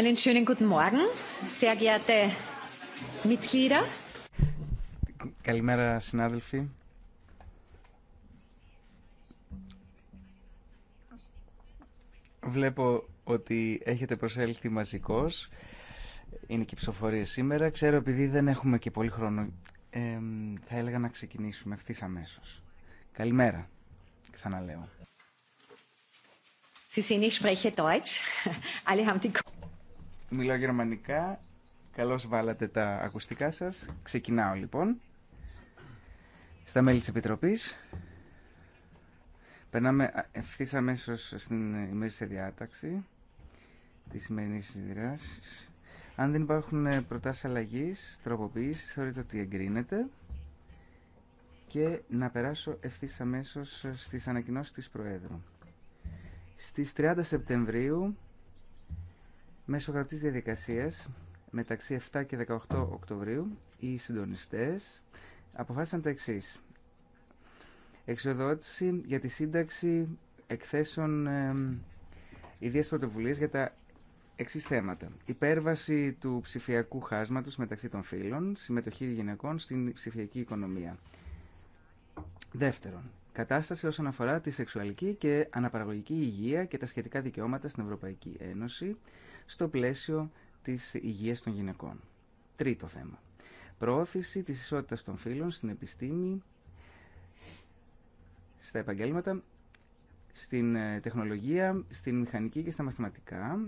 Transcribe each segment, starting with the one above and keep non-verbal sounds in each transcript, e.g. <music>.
Einen schönen guten Morgen, sehr geehrte Mitglieder. Καλημέρα συνάδελφοι. Βλέπω ότι έχετε προσέλθει μαζικός. Είναι και ψηφοφορία σήμερα. Ξέρω επειδή δεν έχουμε και πολύ χρόνο, ε, θα έλεγα να ξεκινήσουμε ευθύ αμέσω. Καλημέρα, ξαναλέω. Sie sehen, ich spreche Deutsch. Alle <laughs> haben die Μιλάω γερμανικά. Καλώς βάλατε τα ακουστικά σας. Ξεκινάω λοιπόν. Στα μέλη της Επιτροπής. Περνάμε ευθύς αμέσως στην ημερήσια διάταξη της σημερινή συνδυράσης. Αν δεν υπάρχουν ε, προτάσεις αλλαγή τροποποίησης, θεωρείτε ότι εγκρίνεται. Και να περάσω ευθύ αμέσω ε, στις ανακοινώσεις της Προέδρου. Στις 30 Σεπτεμβρίου Μέσω γραπτής διαδικασίας, μεταξύ 7 και 18 Οκτωβρίου, οι συντονιστές αποφάσισαν τα εξής. Εξοδότηση για τη σύνταξη εκθέσεων ε, ιδίας για τα εξή θέματα. Υπέρβαση του ψηφιακού χάσματος μεταξύ των φύλων, συμμετοχή γυναικών στην ψηφιακή οικονομία. Δεύτερον, κατάσταση όσον αφορά τη σεξουαλική και αναπαραγωγική υγεία και τα σχετικά δικαιώματα στην Ευρωπαϊκή Ένωση στο πλαίσιο της υγείας των γυναικών. Τρίτο θέμα. Προώθηση της ισότητας των φύλων στην επιστήμη, στα επαγγέλματα, στην ε, τεχνολογία, στην μηχανική και στα μαθηματικά,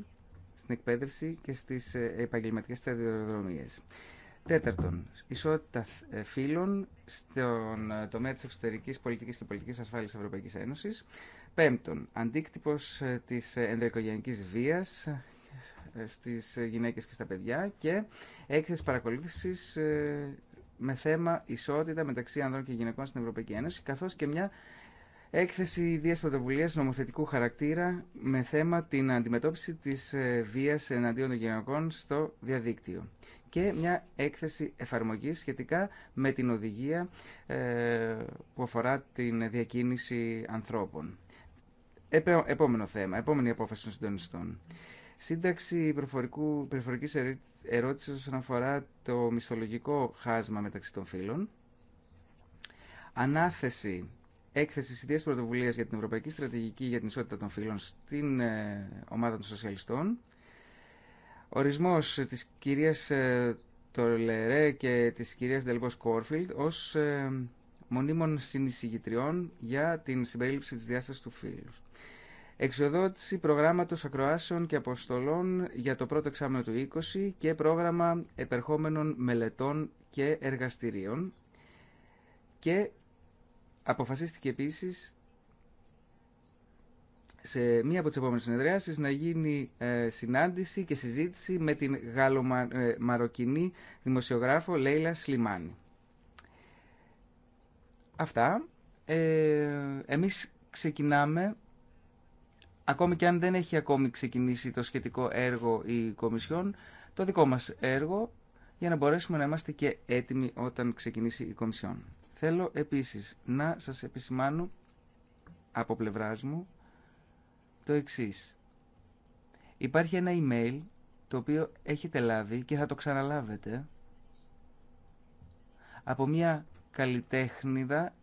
στην εκπαίδευση και στις ε, επαγγελματικές σταδιοδρομίες. Τέταρτον, ισότητα ε, φύλων στον ε, τομέα της εξωτερική πολιτικής και πολιτικής ασφάλειας της Ευρωπαϊκής Ένωσης. Πέμπτον, αντίκτυπος ε, της ενδοοικογενειακή βίας στις γυναίκες και στα παιδιά και έκθεση παρακολούθησης με θέμα ισότητα μεταξύ ανδρών και γυναικών στην Ευρωπαϊκή Ένωση, καθώς και μια έκθεση ιδία πρωτοβουλία νομοθετικού χαρακτήρα με θέμα την αντιμετώπιση της βίας εναντίον των γυναικών στο διαδίκτυο και μια έκθεση εφαρμογής σχετικά με την οδηγία ε, που αφορά την διακίνηση ανθρώπων. Επόμενο θέμα, επόμενη απόφαση των συντονιστών. Σύνταξη προφορικού, προφορικής ερώτησης όσον αφορά το μισθολογικό χάσμα μεταξύ των φύλων. Ανάθεση έκθεση ιδιαίτερη πρωτοβουλία για την Ευρωπαϊκή Στρατηγική για την Ισότητα των Φύλων στην ε, ομάδα των Σοσιαλιστών ορισμός της κυρίας ε, Τολερέ και της κυρίας Δελβός Κόρφιλτ ως ε, μονίμων συνεισηγητριών για την συμπερίληψη της διάστασης του φίλου. Εξοδότηση προγράμματος ακροάσεων και αποστολών για το πρώτο εξάμεινο του 20 και πρόγραμμα επερχόμενων μελετών και εργαστηρίων και αποφασίστηκε επίσης σε μία από τις επόμενες συνεδριάσεις να γίνει ε, συνάντηση και συζήτηση με την γαλλομαροκινή ε, δημοσιογράφο Λέιλα Σλιμάνη. Αυτά. Ε, εμείς ξεκινάμε, ακόμη και αν δεν έχει ακόμη ξεκινήσει το σχετικό έργο η Κομισιόν, το δικό μας έργο για να μπορέσουμε να είμαστε και έτοιμοι όταν ξεκινήσει η Κομισιόν. Θέλω επίσης να σας επισημάνω από πλευράς μου το εξή. Υπάρχει ένα email το οποίο έχετε λάβει και θα το ξαναλάβετε από μια καλλιτέχνηδα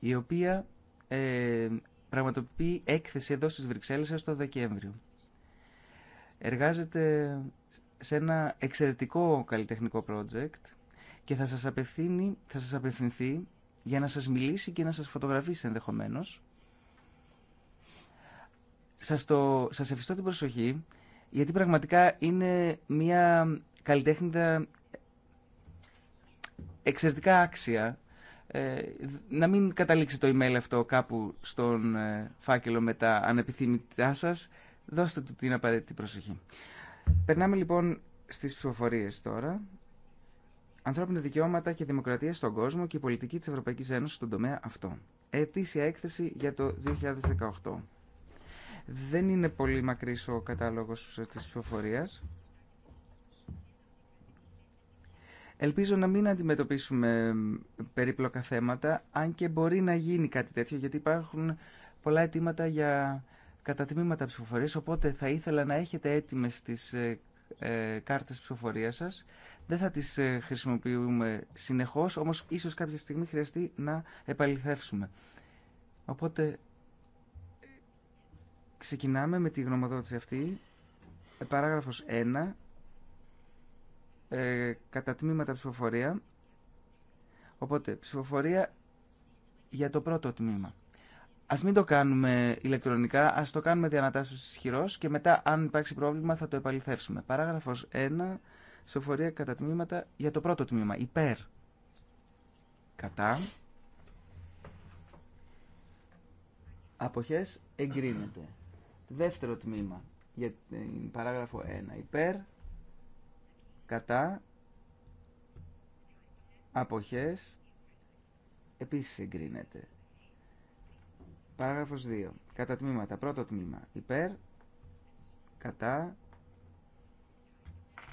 η οποία ε, πραγματοποιεί έκθεση εδώ στις Βρυξέλλες στο Δεκέμβριο. Εργάζεται σε ένα εξαιρετικό καλλιτεχνικό project και θα σας, απευθύνει, θα σας απευθυνθεί για να σας μιλήσει και να σας φωτογραφίσει ενδεχομένως. Σας, το, σας ευχαριστώ την προσοχή, γιατί πραγματικά είναι μια καλλιτέχνητα εξαιρετικά άξια ε, να μην καταλήξει το email αυτό κάπου στον ε, φάκελο με τα ανεπιθύμητά σας. Δώστε του την απαραίτητη προσοχή. Περνάμε λοιπόν στις ψηφοφορίες τώρα ανθρώπινα δικαιώματα και δημοκρατία στον κόσμο και η πολιτική της Ευρωπαϊκής Ένωσης στον τομέα αυτό. Ετήσια έκθεση για το 2018. Δεν είναι πολύ μακρύς ο κατάλογος ε, της ψηφοφορία. Ελπίζω να μην αντιμετωπίσουμε περίπλοκα θέματα, αν και μπορεί να γίνει κάτι τέτοιο, γιατί υπάρχουν πολλά αιτήματα για κατατιμήματα ψηφοφορίας, οπότε θα ήθελα να έχετε έτοιμες τις ε, ε, κάρτες ψηφοφορίας σας. Δεν θα τις ε, χρησιμοποιούμε συνεχώς, όμως ίσως κάποια στιγμή χρειαστεί να επαληθεύσουμε. Οπότε ξεκινάμε με τη γνωμοδότηση αυτή. Ε, παράγραφος 1. Ε, κατά τμήματα ψηφοφορία. Οπότε ψηφοφορία για το πρώτο τμήμα. Ας μην το κάνουμε ηλεκτρονικά, ας το κάνουμε διανατάσσεω ισχυρό και μετά αν υπάρξει πρόβλημα θα το επαληθεύσουμε. Παράγραφος 1, σοφορία κατά τμήματα για το πρώτο τμήμα, υπέρ. Κατά. Αποχές εγκρίνεται. Δεύτερο τμήμα για την παράγραφο 1, υπέρ. Κατά. Αποχές επίσης εγκρίνεται. Παράγραφος 2. Κατά τμήματα. Πρώτο τμήμα. Υπέρ. Κατά.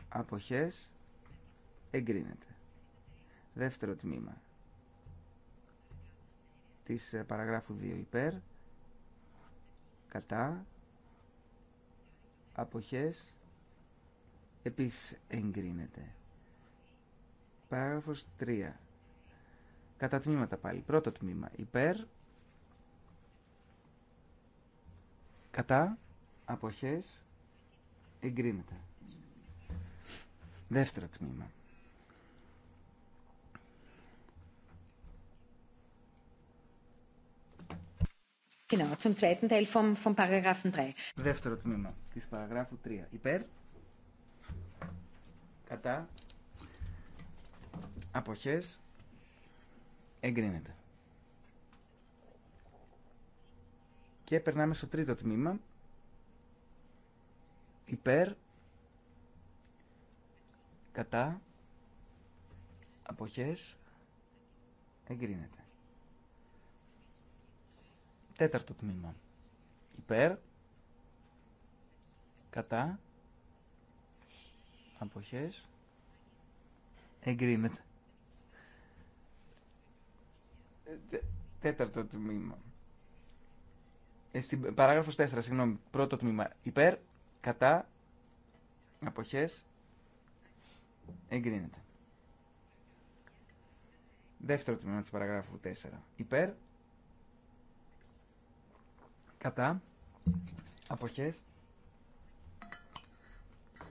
Αποχές. Εγκρίνεται. Δεύτερο τμήμα. Της ε, παραγράφου 2. Υπέρ. Κατά. Αποχές. Επίσης εγκρίνεται. Παράγραφος 3. Κατά τμήματα πάλι. Πρώτο τμήμα. Υπέρ Κατά αποχές εγκρίνεται. Δεύτερο τμήμα. zum 3. Δεύτερο τμήμα της παραγράφου 3. Υπέρ, κατά, αποχές, εγκρίνεται. Και περνάμε στο τρίτο τμήμα. Υπέρ. Κατά. Αποχές. Εγκρίνεται. Τέταρτο τμήμα. Υπέρ. Κατά. Αποχές. Εγκρίνεται. Τέταρτο τμήμα. Ε, στην παράγραφο 4, συγγνώμη, πρώτο τμήμα, υπέρ, κατά, αποχές, εγκρίνεται. Δεύτερο τμήμα της παραγράφου 4, υπέρ, κατά, αποχές,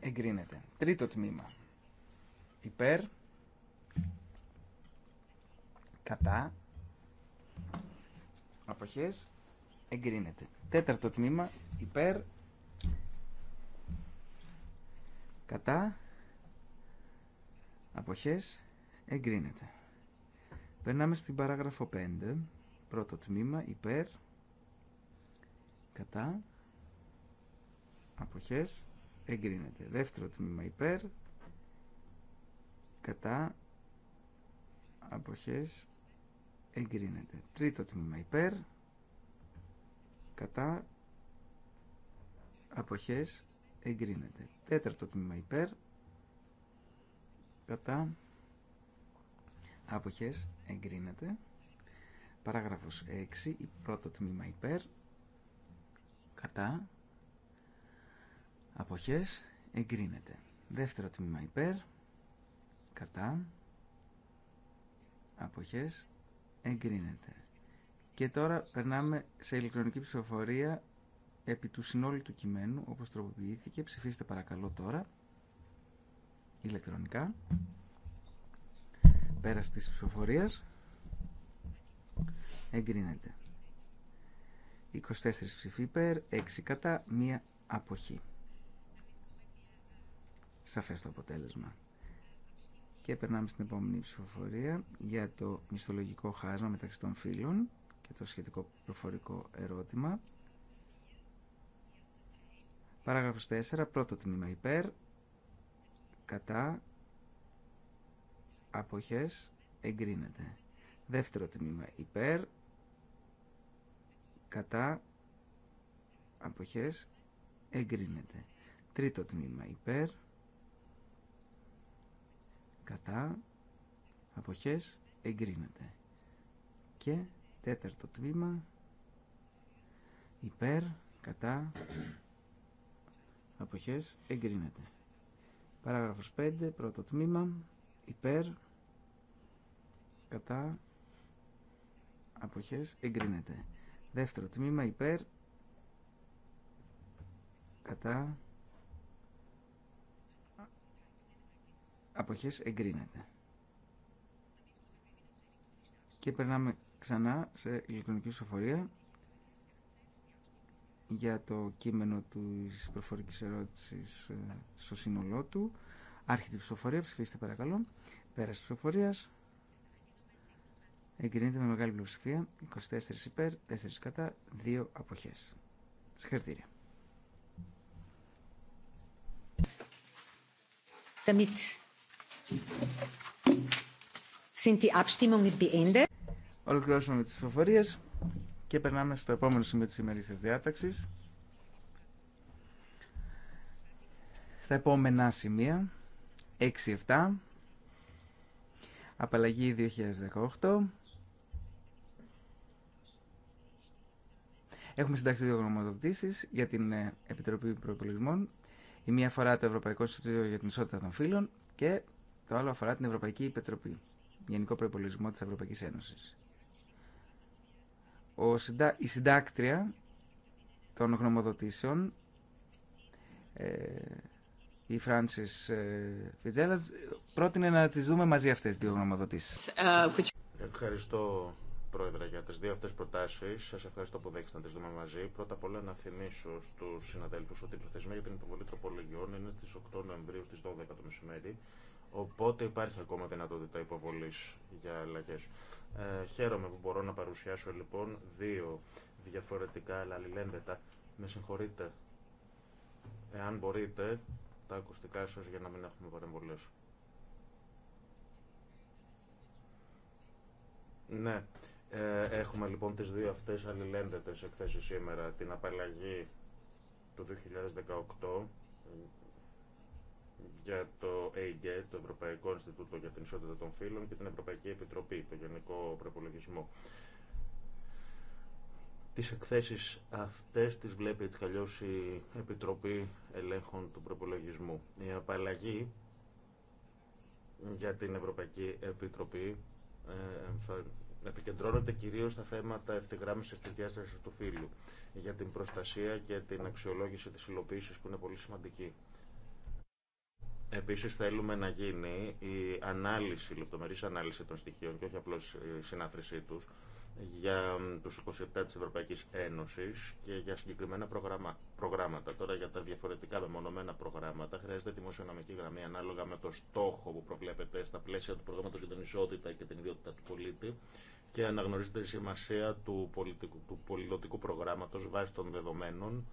εγκρίνεται. Τρίτο τμήμα, υπέρ, κατά, αποχές, εγκρίνεται. Τέταρτο τμήμα υπέρ κατά αποχές εγκρίνεται. Περνάμε στην παράγραφο 5. Πρώτο τμήμα υπέρ κατά αποχές εγκρίνεται. Δεύτερο τμήμα υπέρ κατά αποχές εγκρίνεται. Τρίτο τμήμα υπέρ κατά αποχές εγκρίνεται. Τέταρτο τμήμα υπέρ κατά αποχές εγκρίνεται. Παράγραφος 6, η πρώτο τμήμα υπέρ κατά αποχές εγκρίνεται. Δεύτερο τμήμα υπέρ κατά αποχές εγκρίνεται. Και τώρα περνάμε σε ηλεκτρονική ψηφοφορία επί του συνόλου του κειμένου, όπως τροποποιήθηκε. Ψηφίστε παρακαλώ τώρα, ηλεκτρονικά, πέρα της ψηφοφορίας. Εγκρίνεται. 24 ψηφίπερ, 6 κατά, μία αποχή. Σαφές το αποτέλεσμα. Και περνάμε στην επόμενη ψηφοφορία για το μισθολογικό χάσμα μεταξύ των φύλων το σχετικό προφορικό ερώτημα. Παράγραφος 4, πρώτο τμήμα υπέρ, κατά, αποχές, εγκρίνεται. Δεύτερο τμήμα υπέρ, κατά, αποχές, εγκρίνεται. Τρίτο τμήμα υπέρ, κατά, αποχές, εγκρίνεται. Και Τέταρτο τμήμα. Υπέρ, κατά, αποχές, εγκρίνεται. Παράγραφος 5, πρώτο τμήμα. Υπέρ, κατά, αποχές, εγκρίνεται. Δεύτερο τμήμα, υπέρ, κατά, αποχές, εγκρίνεται. Και περνάμε ξανά σε ηλεκτρονική ψηφοφορία για το κείμενο της προφορικής ερώτησης ε, στο σύνολό του. Άρχεται η ψηφοφορία, ψηφίστε παρακαλώ. Πέρας της ψηφοφορίας. Εγκρίνεται με μεγάλη πλειοψηφία, 24 υπέρ, 4 κατά, 2 αποχές. Συγχαρητήρια. Damit sind die Abstimmungen beendet. Ολοκληρώσαμε τις ψηφοφορίες και περνάμε στο επόμενο σημείο της ημερήσιας διάταξης. Στα επόμενα σημεία, 6-7, απαλλαγή 2018, Έχουμε συντάξει δύο γνωμοδοτήσει για την ε, Επιτροπή Προπολογισμών. Η μία αφορά το Ευρωπαϊκό Συμβούλιο για την Ισότητα των Φύλων και το άλλο αφορά την Ευρωπαϊκή Επιτροπή, Γενικό Προπολογισμό τη Ευρωπαϊκή Ένωση ο, η συντάκτρια των γνωμοδοτήσεων ε, η Φράνσις ε, Φιτζέλατς πρότεινε να τις δούμε μαζί αυτές τις δύο γνωμοδοτήσεις. Ευχαριστώ Πρόεδρε για τις δύο αυτές προτάσεις. Σας ευχαριστώ που δέχεστε να τις δούμε μαζί. Πρώτα απ' όλα να θυμίσω στους συναδέλφους ότι η προθεσμία για την υποβολή τροπολογιών είναι στις 8 Νοεμβρίου στις 12 το μεσημέρι. Οπότε υπάρχει ακόμα δυνατότητα υποβολής για αλλαγέ. Ε, χαίρομαι που μπορώ να παρουσιάσω λοιπόν δύο διαφορετικά αλλά αλληλένδετα. Με συγχωρείτε, εάν μπορείτε, τα ακουστικά σας για να μην έχουμε παρεμβολές. Ναι, ε, έχουμε λοιπόν τις δύο αυτές αλληλένδετες εκθέσεις σήμερα. Την απαλλαγή του 2018 για το ΕΙΓΕ, e το Ευρωπαϊκό Ινστιτούτο για την Ισότητα των Φύλων και την Ευρωπαϊκή Επιτροπή, το Γενικό Προπολογισμό. Τις εκθέσεις αυτές τις βλέπει έτσι η Επιτροπή Ελέγχων του Προπολογισμού. Η απαλλαγή για την Ευρωπαϊκή Επιτροπή ε, επικεντρώνονται κυρίως στα θέματα ευθυγράμμισης της διάστασης του φύλου για την προστασία και την αξιολόγηση της υλοποίησης που είναι πολύ σημαντική. Επίση, θέλουμε να γίνει η ανάλυση, η λεπτομερής ανάλυση των στοιχείων και όχι απλώ η ε, συνάθρησή τους για του 27 τη Ευρωπαϊκή Ένωση και για συγκεκριμένα προγράμματα. Τώρα για τα διαφορετικά μεμονωμένα προγράμματα χρειάζεται δημοσιονομική γραμμή ανάλογα με το στόχο που προβλέπεται στα πλαίσια του προγράμματος για την ισότητα και την ιδιότητα του πολίτη και αναγνωρίζεται η σημασία του, πολιτικού, του πολιτικού προγράμματος βάσει των δεδομένων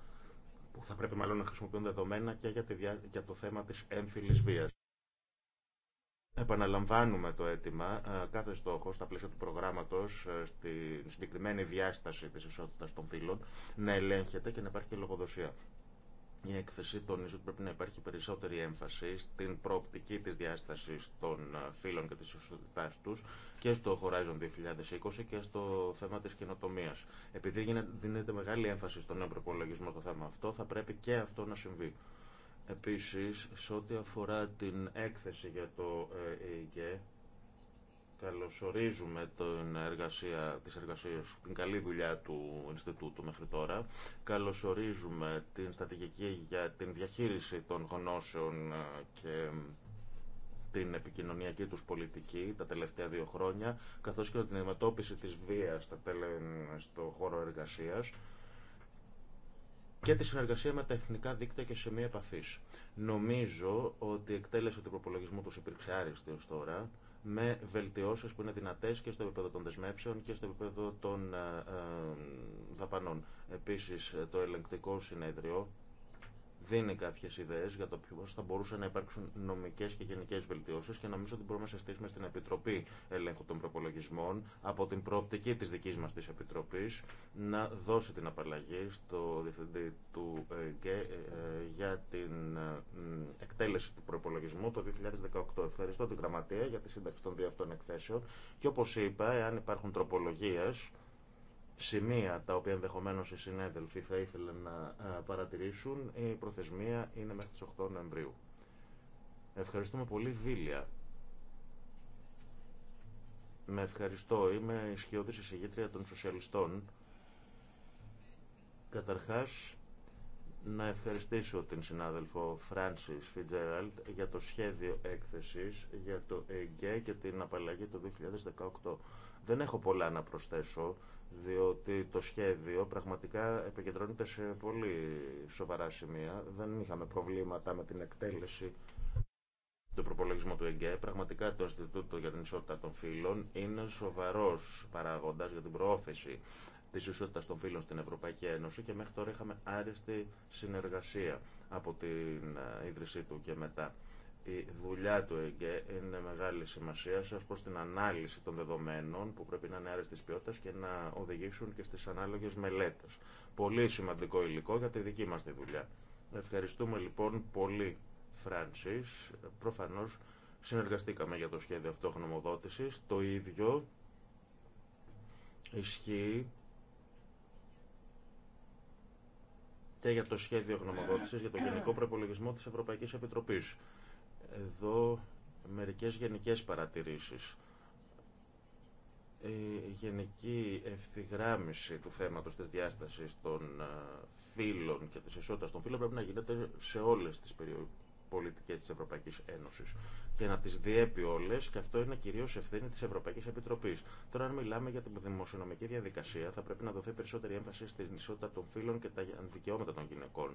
που θα πρέπει μάλλον να χρησιμοποιούν δεδομένα και για, για το θέμα της έμφυλης βίας. Επαναλαμβάνουμε το αίτημα, ε, κάθε στόχο στα πλαίσια του προγράμματος, ε, στη συγκεκριμένη διάσταση τη ισότητα των φύλων, να ελέγχεται και να υπάρχει και λογοδοσία. Η έκθεση τονίζει ότι πρέπει να υπάρχει περισσότερη έμφαση στην προοπτική της διάστασης των ε, φύλων και της ισοσοδητάς τους και στο Horizon 2020 και στο θέμα της καινοτομία. Επειδή δίνεται μεγάλη έμφαση στον προπολογισμό στο θέμα αυτό, θα πρέπει και αυτό να συμβεί. Επίσης, σε ό,τι αφορά την έκθεση για το ΕΕΚΕ, Καλωσορίζουμε την, εργασία, της εργασίας, την καλή δουλειά του Ινστιτούτου μέχρι τώρα. Καλωσορίζουμε την στρατηγική για την διαχείριση των γνώσεων ε, και την επικοινωνιακή τους πολιτική τα τελευταία δύο χρόνια, καθώς και την αντιμετώπιση της βίας στο χώρο εργασίας και τη συνεργασία με τα εθνικά δίκτυα και μία επαφής. Νομίζω ότι η εκτέλεση του προπολογισμού τους υπήρξε άριστη ως τώρα με βελτιώσεις που είναι δυνατές και στο επίπεδο των δεσμεύσεων και στο επίπεδο των ε, ε, δαπανών. Επίσης, το ελεγκτικό συνέδριο δίνει κάποιε ιδέες για το πώς θα μπορούσαν να υπάρξουν νομικές και γενικέ βελτιώσεις και νομίζω ότι μπορούμε να συστήσουμε στην Επιτροπή Ελέγχου των Προπολογισμών από την προοπτική της δικής μας της επιτροπή να δώσει την απαλλαγή στο Διευθυντή του ΕΚΕ ε, ε, για την ε, εκτέλεση του προπολογισμού το 2018. Ευχαριστώ την Γραμματεία για τη σύνταξη των δύο αυτών εκθέσεων και όπω είπα, εάν υπάρχουν τροπολογίες σημεία τα οποία ενδεχομένω οι συνέδελφοι θα ήθελαν να ε, παρατηρήσουν. Η προθεσμία είναι μέχρι τις 8 Νοεμβρίου. Ευχαριστούμε πολύ, Βίλια. Με ευχαριστώ. Είμαι ισχυώδης εισηγήτρια των σοσιαλιστών. Καταρχάς, να ευχαριστήσω την συνάδελφο Φράνσις Φιτζεράλτ για το σχέδιο έκθεσης για το ΕΓΚΕ και την απαλλαγή του 2018. Δεν έχω πολλά να προσθέσω διότι το σχέδιο πραγματικά επικεντρώνεται σε πολύ σοβαρά σημεία. Δεν είχαμε προβλήματα με την εκτέλεση του προπολογισμού του ΕΚΕ. Πραγματικά το Ινστιτούτο για την Ισότητα των Φύλων είναι σοβαρός παράγοντας για την προώθηση της ισότητας των φύλων στην Ευρωπαϊκή Ένωση και μέχρι τώρα είχαμε άριστη συνεργασία από την ε, ίδρυσή του και μετά η δουλειά του ΕΚΕ είναι μεγάλη σημασία σας προ την ανάλυση των δεδομένων που πρέπει να είναι άρεστη ποιότητα και να οδηγήσουν και στι ανάλογε μελέτε. Πολύ σημαντικό υλικό για τη δική μα τη δουλειά. Ευχαριστούμε λοιπόν πολύ, Φράνση. Προφανώ συνεργαστήκαμε για το σχέδιο αυτό γνωμοδότηση. Το ίδιο ισχύει και για το σχέδιο γνωμοδότηση για το Γενικό Προπολογισμό τη Ευρωπαϊκή Επιτροπή. Εδώ μερικές γενικές παρατηρήσεις. Η γενική ευθυγράμμιση του θέματος της διάστασης των ε, φύλων και της ισότητας των φύλων πρέπει να γίνεται σε όλες τις πολιτικές της Ευρωπαϊκής Ένωσης και να τις διέπει όλες και αυτό είναι κυρίως ευθύνη της Ευρωπαϊκής Επιτροπής. Τώρα αν μιλάμε για την δημοσιονομική διαδικασία θα πρέπει να δοθεί περισσότερη έμφαση στην ισότητα των φύλων και τα δικαιώματα των γυναικών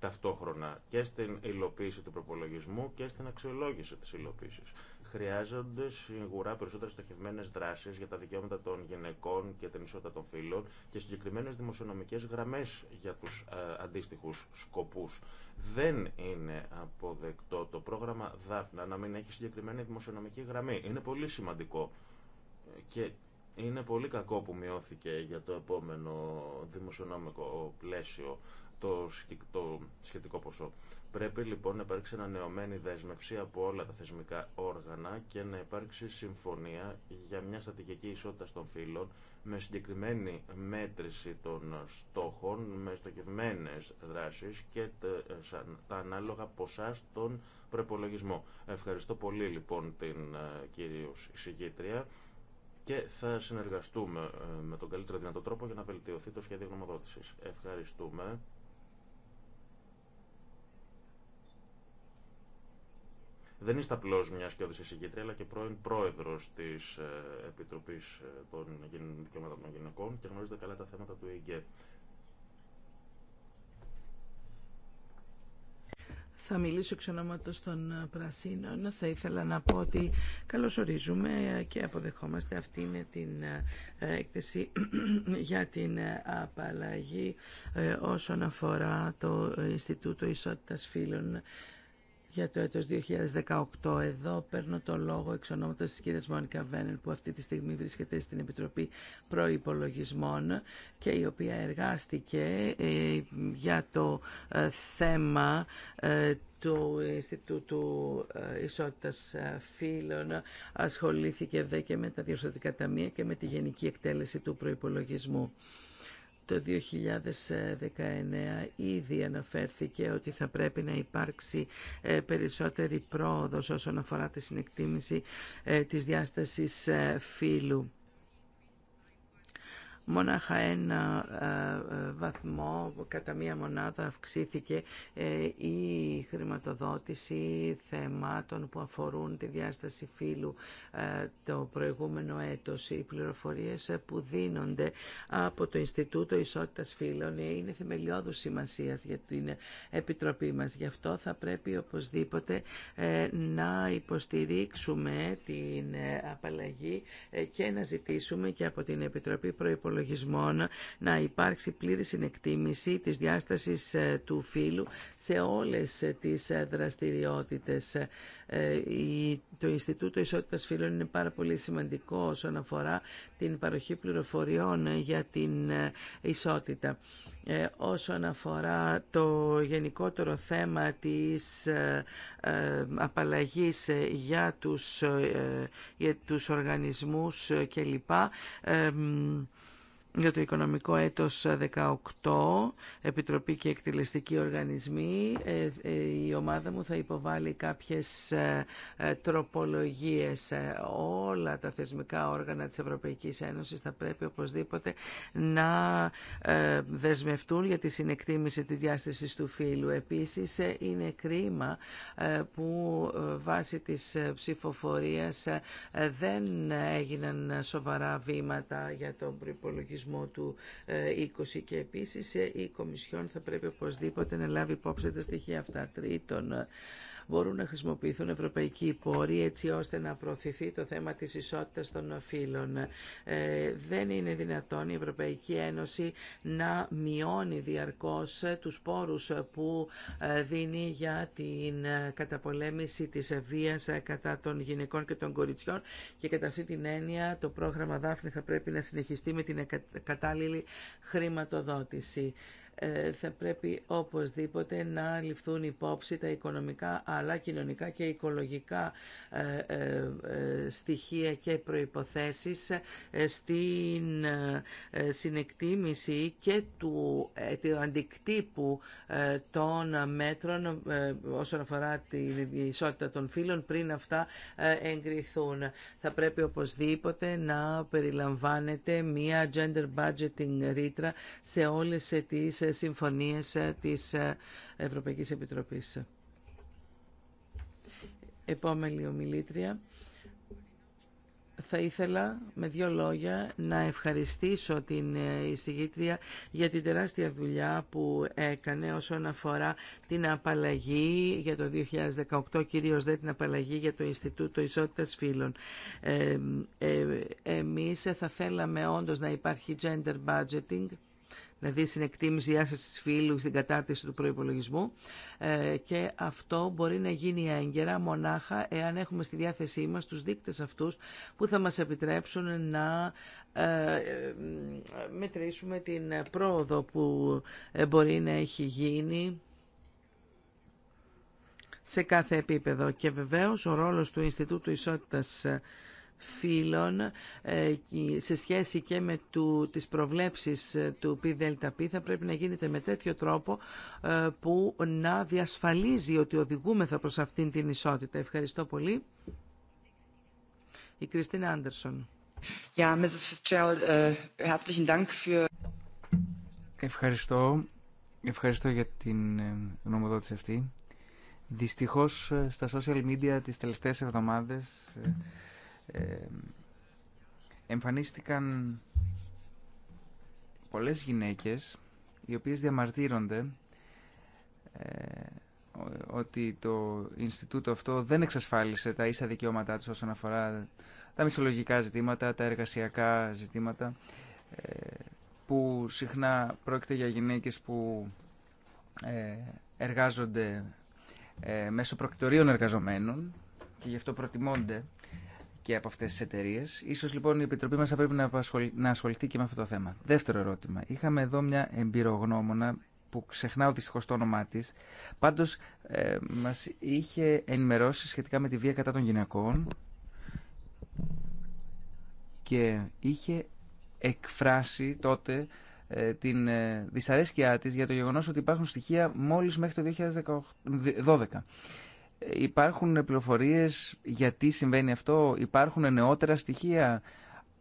ταυτόχρονα και στην υλοποίηση του προπολογισμού και στην αξιολόγηση της υλοποίησης. Χρειάζονται σίγουρα περισσότερες στοχευμένες δράσεις για τα δικαιώματα των γυναικών και την ισότητα των φύλων και συγκεκριμένες δημοσιονομικές γραμμές για τους ε, αντίστοιχους σκοπούς. Δεν είναι αποδεκτό το πρόγραμμα Δάφνα να μην έχει συγκεκριμένη δημοσιονομική γραμμή. Είναι πολύ σημαντικό και είναι πολύ κακό που μειώθηκε για το επόμενο δημοσιονομικό πλαίσιο το, το σχετικό ποσό. Πρέπει λοιπόν να υπάρξει ανανεωμένη δέσμευση από όλα τα θεσμικά όργανα και να υπάρξει συμφωνία για μια στρατηγική ισότητα των φύλων με συγκεκριμένη μέτρηση των στόχων, με στοχευμένες δράσεις και τα ανάλογα ποσά στον προπολογισμό. Ευχαριστώ πολύ λοιπόν την ε, κύριο εισηγήτρια και θα συνεργαστούμε ε, με τον καλύτερο δυνατό τρόπο για να βελτιωθεί το σχέδιο γνωμοδότησης. Ευχαριστούμε. Δεν είστε απλώ μια και εισηγήτρια, αλλά και πρώην πρόεδρο τη ε, Επιτροπή ε, των Δικαιωμάτων των Γυναικών και γνωρίζετε καλά τα θέματα του ΕΙΓΕ. Θα μιλήσω εξ ονόματο των ε, Πρασίνων. Θα ήθελα να πω ότι καλώς ορίζουμε και αποδεχόμαστε είναι την έκθεση <clears throat> για την απαλλαγή όσον αφορά το Ινστιτούτο Ισότητας φίλων για το έτος 2018. Εδώ παίρνω το λόγο εξ ονόματος της κυρίας Μόνικα Βένελ που αυτή τη στιγμή βρίσκεται στην Επιτροπή Προϋπολογισμών και η οποία εργάστηκε ε, για το ε, θέμα ε, του Ινστιτούτου Ισότητας Φύλων ασχολήθηκε δε και με τα διορθωτικά ταμεία και με τη γενική εκτέλεση του προϋπολογισμού το 2019 ήδη αναφέρθηκε ότι θα πρέπει να υπάρξει ε, περισσότερη πρόοδος όσον αφορά τη συνεκτίμηση ε, της διάστασης ε, φύλου. Μόναχα ένα ε, ε, βαθμό, κατά μία μονάδα αυξήθηκε ε, η χρηματοδότηση θεμάτων που αφορούν τη διάσταση φύλου το προηγούμενο έτος. Οι πληροφορίες που δίνονται από το Ινστιτούτο Ισότητας Φύλων είναι θεμελιώδου σημασίας για την Επιτροπή μας. Γι' αυτό θα πρέπει οπωσδήποτε να υποστηρίξουμε την απαλλαγή και να ζητήσουμε και από την Επιτροπή Προϋπολογισμού να υπάρξει πλήρη συνεκτίμηση της διάστασης ε, του φύλου σε όλες ε, τις ε, δραστηριότητες. Το Ινστιτούτο Ισότητας Φύλων είναι πάρα πολύ σημαντικό όσον αφορά την παροχή πληροφοριών για την ισότητα. Όσον αφορά το γενικότερο θέμα της απαλλαγής για τους, για τους οργανισμούς κλπ για το οικονομικό έτος 18, Επιτροπή και Εκτελεστικοί Οργανισμοί, ε, ε, η ομάδα μου θα υποβάλει κάποιες ε, τροπολογίες. Όλα τα θεσμικά όργανα της Ευρωπαϊκής Ένωσης θα πρέπει οπωσδήποτε να δεσμευτούν για τη συνεκτίμηση της διάστασης του φύλου. Επίσης, είναι κρίμα που βάσει της ψηφοφορίας δεν έγιναν σοβαρά βήματα για τον προπολογισμό του 20 ε, και επίσης ε, η Κομισιόν θα πρέπει οπωσδήποτε να λάβει υπόψη τα στοιχεία αυτά. Τρίτον, ε, μπορούν να χρησιμοποιηθούν ευρωπαϊκοί πόροι έτσι ώστε να προωθηθεί το θέμα της ισότητας των φύλων. Ε, δεν είναι δυνατόν η Ευρωπαϊκή Ένωση να μειώνει διαρκώς τους πόρους που ε, δίνει για την ε, καταπολέμηση της βίας κατά των γυναικών και των κοριτσιών και κατά αυτή την έννοια το πρόγραμμα Δάφνη θα πρέπει να συνεχιστεί με την κατάλληλη χρηματοδότηση. Ε, θα πρέπει οπωσδήποτε να ληφθούν υπόψη τα οικονομικά αλλά κοινωνικά και οικολογικά ε, ε, στοιχεία και προϋποθέσεις στην συνεκτίμηση και του αντικτύπου των μέτρων όσον αφορά τη ισότητα των φύλων πριν αυτά εγκριθούν. Θα πρέπει οπωσδήποτε να περιλαμβάνεται μία gender budgeting ρήτρα σε όλες τις συμφωνίες ε, της ε, Ευρωπαϊκής Επιτροπής. Επόμενη ομιλήτρια. Θα ήθελα με δύο λόγια να ευχαριστήσω την ε, εισηγήτρια για την τεράστια δουλειά που έκανε όσον αφορά την απαλλαγή για το 2018, κυρίως δεν την απαλλαγή για το Ινστιτούτο Ισότητας Φύλων. Ε, εμείς θα θέλαμε όντως να υπάρχει gender budgeting δηλαδή στην εκτίμηση τη φύλου στην κατάρτιση του προπολογισμού. Ε, και αυτό μπορεί να γίνει έγκαιρα μονάχα εάν έχουμε στη διάθεσή μας τους δείκτε αυτούς που θα μας επιτρέψουν να ε, μετρήσουμε την πρόοδο που ε, μπορεί να έχει γίνει σε κάθε επίπεδο. Και βεβαίως ο ρόλος του Ινστιτούτου Ισότητας φύλων ε, σε σχέση και με του, τις προβλέψεις του ΠΔΠ θα πρέπει να γίνεται με τέτοιο τρόπο ε, που να διασφαλίζει ότι οδηγούμεθα προς αυτήν την ισότητα. Ευχαριστώ πολύ. Η Κριστίνα Άντερσον. Äh, Ευχαριστώ. Ευχαριστώ για την ε, γνωμοδότηση αυτή. Δυστυχώς στα social media τις τελευταίες εβδομάδες ε, εμφανίστηκαν πολλές γυναίκες οι οποίες διαμαρτύρονται ε, ότι το Ινστιτούτο αυτό δεν εξασφάλισε τα ίσα δικαιώματά τους όσον αφορά τα μισολογικά ζητήματα, τα εργασιακά ζητήματα ε, που συχνά πρόκειται για γυναίκες που εργάζονται μέσω προκτορίων εργαζομένων και γι' αυτό προτιμώνται και από αυτέ τι εταιρείε. Σω λοιπόν η Επιτροπή μα θα πρέπει να ασχοληθεί και με αυτό το θέμα. Δεύτερο ερώτημα. Είχαμε εδώ μια εμπειρογνώμονα που ξεχνάω δυστυχώ το όνομά τη. Πάντως ε, μας είχε ενημερώσει σχετικά με τη βία κατά των γυναικών και είχε εκφράσει τότε ε, την ε, δυσαρέσκειά της για το γεγονός ότι υπάρχουν στοιχεία μόλις μέχρι το 2012. Υπάρχουν πληροφορίες γιατί συμβαίνει αυτό, υπάρχουν νεότερα στοιχεία.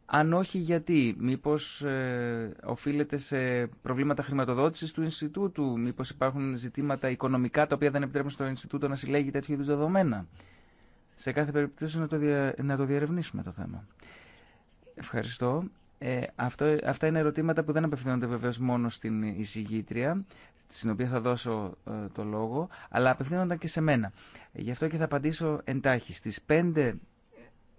Αν όχι γιατί, μήπως ε, οφείλεται σε προβλήματα χρηματοδότησης του Ινστιτούτου, μήπως υπάρχουν ζητήματα οικονομικά τα οποία δεν επιτρέπουν στο Ινστιτούτο να συλλέγει τέτοιου είδους δεδομένα. Σε κάθε περίπτωση να το, δια, να το διαρευνήσουμε το θέμα. Ευχαριστώ. Ε, αυτό, αυτά είναι ερωτήματα που δεν απευθύνονται βεβαίω μόνο στην εισηγήτρια στην οποία θα δώσω ε, το λόγο, αλλά απευθύνονταν και σε μένα. Γι' αυτό και θα απαντήσω εντάχει. Στις 5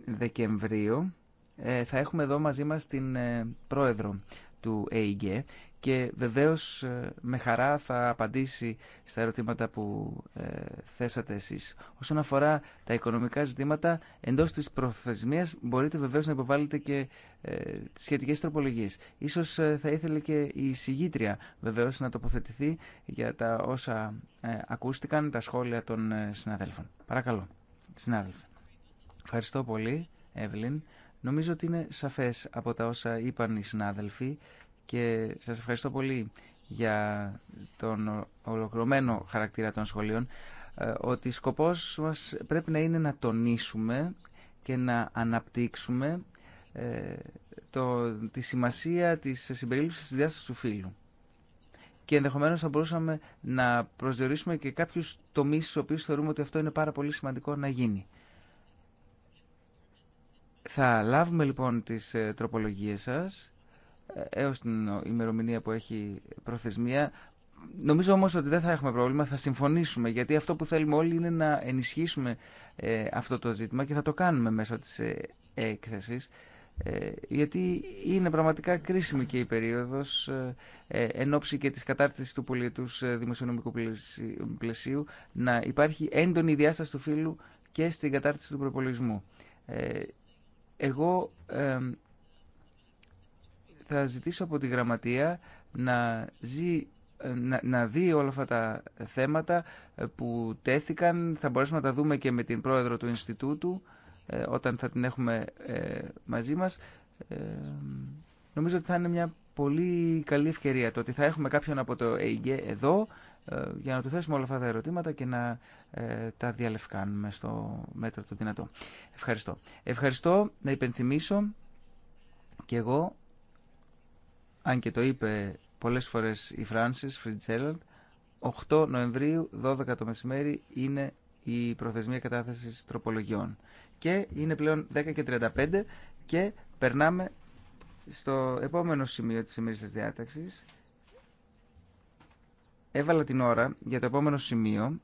Δεκεμβρίου ε, θα έχουμε εδώ μαζί μας την ε, πρόεδρο του ΕΙΓΕ και βεβαίως ε, με χαρά θα απαντήσει στα ερωτήματα που ε, θέσατε εσείς. Όσον αφορά τα οικονομικά ζητήματα, εντός της προθεσμίας μπορείτε βεβαίως να υποβάλλετε και ε, τις σχετικές τροπολογίες. Ίσως θα ήθελε και η συγγήτρια βεβαίως να τοποθετηθεί για τα όσα ακούστηκαν, τα σχόλια των συναδέλφων. Παρακαλώ, συνάδελφε. Ευχαριστώ πολύ, Εύλην. Νομίζω ότι είναι σαφές από τα όσα είπαν οι συνάδελφοι και σας ευχαριστώ πολύ για τον ολοκληρωμένο χαρακτήρα των σχολείων ε, ότι σκοπός μας πρέπει να είναι να τονίσουμε και να αναπτύξουμε ε, το, τη σημασία της συμπερίληψης της διάστασης του φύλου. Και ενδεχομένως θα μπορούσαμε να προσδιορίσουμε και κάποιους τομείς στους οποίους θεωρούμε ότι αυτό είναι πάρα πολύ σημαντικό να γίνει. Θα λάβουμε λοιπόν τις ε, τροπολογίες σας Έω την ημερομηνία που έχει προθεσμία. Νομίζω όμως ότι δεν θα έχουμε πρόβλημα, θα συμφωνήσουμε, γιατί αυτό που θέλουμε όλοι είναι να ενισχύσουμε ε, αυτό το ζήτημα και θα το κάνουμε μέσω της ε, έκθεσης, ε, γιατί είναι πραγματικά κρίσιμη και η περίοδος εν ώψη και της κατάρτισης του πολιτούς δημοσιονομικού πλαισίου να υπάρχει έντονη διάσταση του φύλου και στην κατάρτιση του προπολογισμού. Εγώ θα ζητήσω από τη Γραμματεία να, ζει, να, να δει όλα αυτά τα θέματα ε, που τέθηκαν. Θα μπορέσουμε να τα δούμε και με την πρόεδρο του Ινστιτούτου ε, όταν θα την έχουμε ε, μαζί μας. νομίζω ότι θα είναι μια πολύ καλή ευκαιρία το ότι θα έχουμε κάποιον από το ΕΙΓΕ εδώ για να του θέσουμε όλα αυτά τα ερωτήματα και να τα διαλευκάνουμε στο μέτρο του δυνατό. Ευχαριστώ. Ευχαριστώ να υπενθυμίσω και εγώ αν και το είπε πολλές φορές η Φράνσις Φριτζέλαντ, 8 Νοεμβρίου, 12 το μεσημέρι, είναι η προθεσμία κατάθεσης τροπολογιών. Και είναι πλέον 10.35 και περνάμε στο επόμενο σημείο της τη διάταξης. Έβαλα την ώρα για το επόμενο σημείο,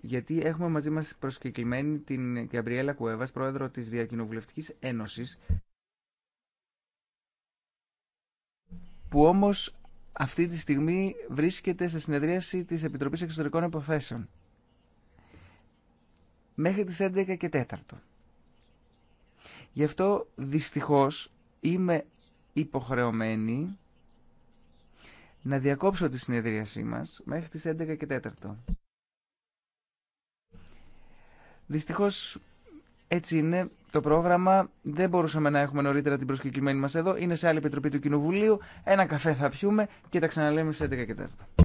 γιατί έχουμε μαζί μας προσκεκλημένη την Γκαμπριέλα Κουέβας, πρόεδρο της Διακοινοβουλευτικής Ένωσης, που όμως αυτή τη στιγμή βρίσκεται σε συνεδρίαση της Επιτροπής Εξωτερικών Υποθέσεων. Μέχρι τις 11 και 4. Γι' αυτό δυστυχώς είμαι υποχρεωμένη να διακόψω τη συνεδρίασή μας μέχρι τις 11 και 4. Δυστυχώς έτσι είναι το πρόγραμμα. Δεν μπορούσαμε να έχουμε νωρίτερα την προσκεκλημένη μας εδώ. Είναι σε άλλη επιτροπή του Κοινοβουλίου. Ένα καφέ θα πιούμε και τα ξαναλέμε στις 11 και 4.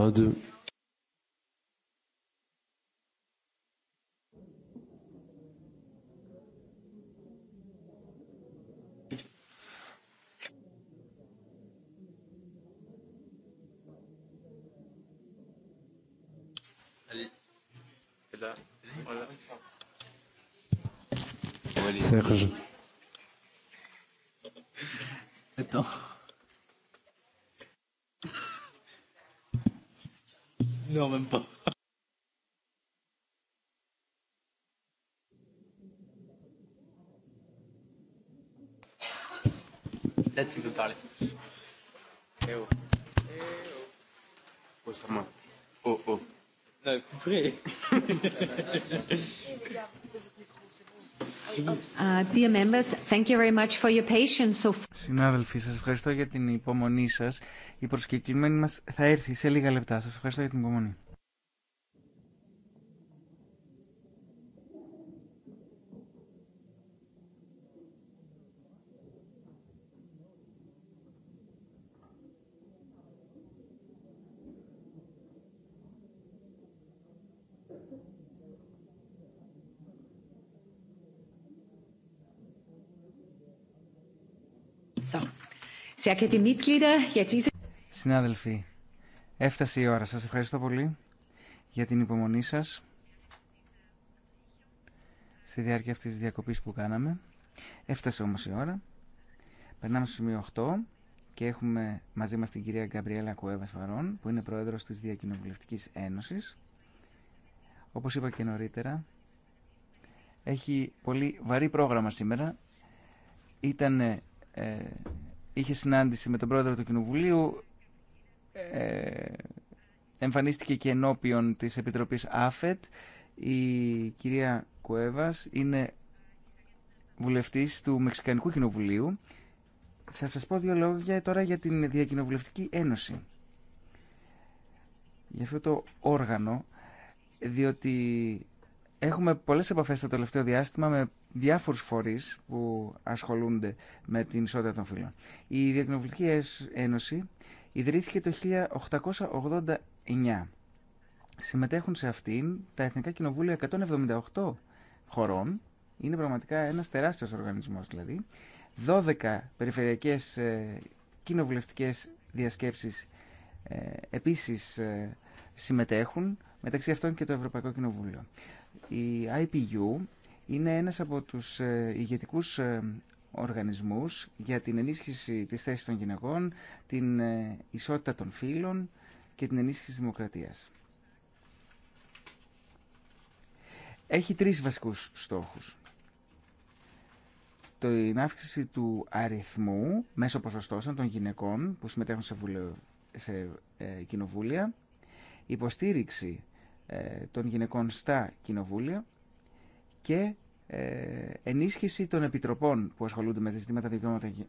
1, 2. Norman Là, tu peux parler. Eh oh. Eh oh. Oh, ça m'a. Oh, oh. Non, couperez. Uh, dear members, thank you very much for your patience so far. Συνάδελφοι, σας ευχαριστώ για την υπομονή σας. Η προσκεκλημένη μας θα έρθει σε λίγα λεπτά. Σας ευχαριστώ για την υπομονή. Συνάδελφοι, έφτασε η ώρα. Σας ευχαριστώ πολύ για την υπομονή σας στη διάρκεια αυτής της διακοπής που κάναμε. Έφτασε όμως η ώρα. Περνάμε στο σημείο 8 και έχουμε μαζί μας την κυρία Γκαμπριέλα Κουέβας Βαρών που είναι πρόεδρος της Διακοινοβουλευτικής Ένωσης. Όπως είπα και νωρίτερα, έχει πολύ βαρύ πρόγραμμα σήμερα. Ήταν ε, είχε συνάντηση με τον πρόεδρο του Κοινοβουλίου, ε, εμφανίστηκε και ενώπιον της Επιτροπής ΑΦΕΤ. Η κυρία Κουέβας είναι βουλευτής του Μεξικανικού Κοινοβουλίου. Θα σας πω δύο λόγια τώρα για την Διακοινοβουλευτική Ένωση. Για αυτό το όργανο, διότι Έχουμε πολλές επαφές στο τελευταίο διάστημα με διάφορους φορείς που ασχολούνται με την ισότητα των φύλων. Η Διακοινοβουλική Ένωση ιδρύθηκε το 1889. Συμμετέχουν σε αυτήν τα Εθνικά Κοινοβούλια 178 χωρών. Είναι πραγματικά ένας τεράστιος οργανισμός δηλαδή. 12 περιφερειακές ε, κοινοβουλευτικές διασκέψεις ε, επίσης ε, συμμετέχουν μεταξύ αυτών και το Ευρωπαϊκό Κοινοβούλιο. Η IPU είναι ένας από τους ε, ηγετικούς ε, οργανισμούς για την ενίσχυση της θέσης των γυναικών, την ε, ισότητα των φύλων και την ενίσχυση της δημοκρατίας. Έχει τρεις βασικούς στόχους. Το αύξηση του αριθμού μέσω ποσοστώσεων των γυναικών που συμμετέχουν σε, βουλε... σε κοινοβούλια, υποστήριξη ε, των γυναικών στα κοινοβούλια και ε, ενίσχυση των επιτροπών που ασχολούνται με τα ζητήματα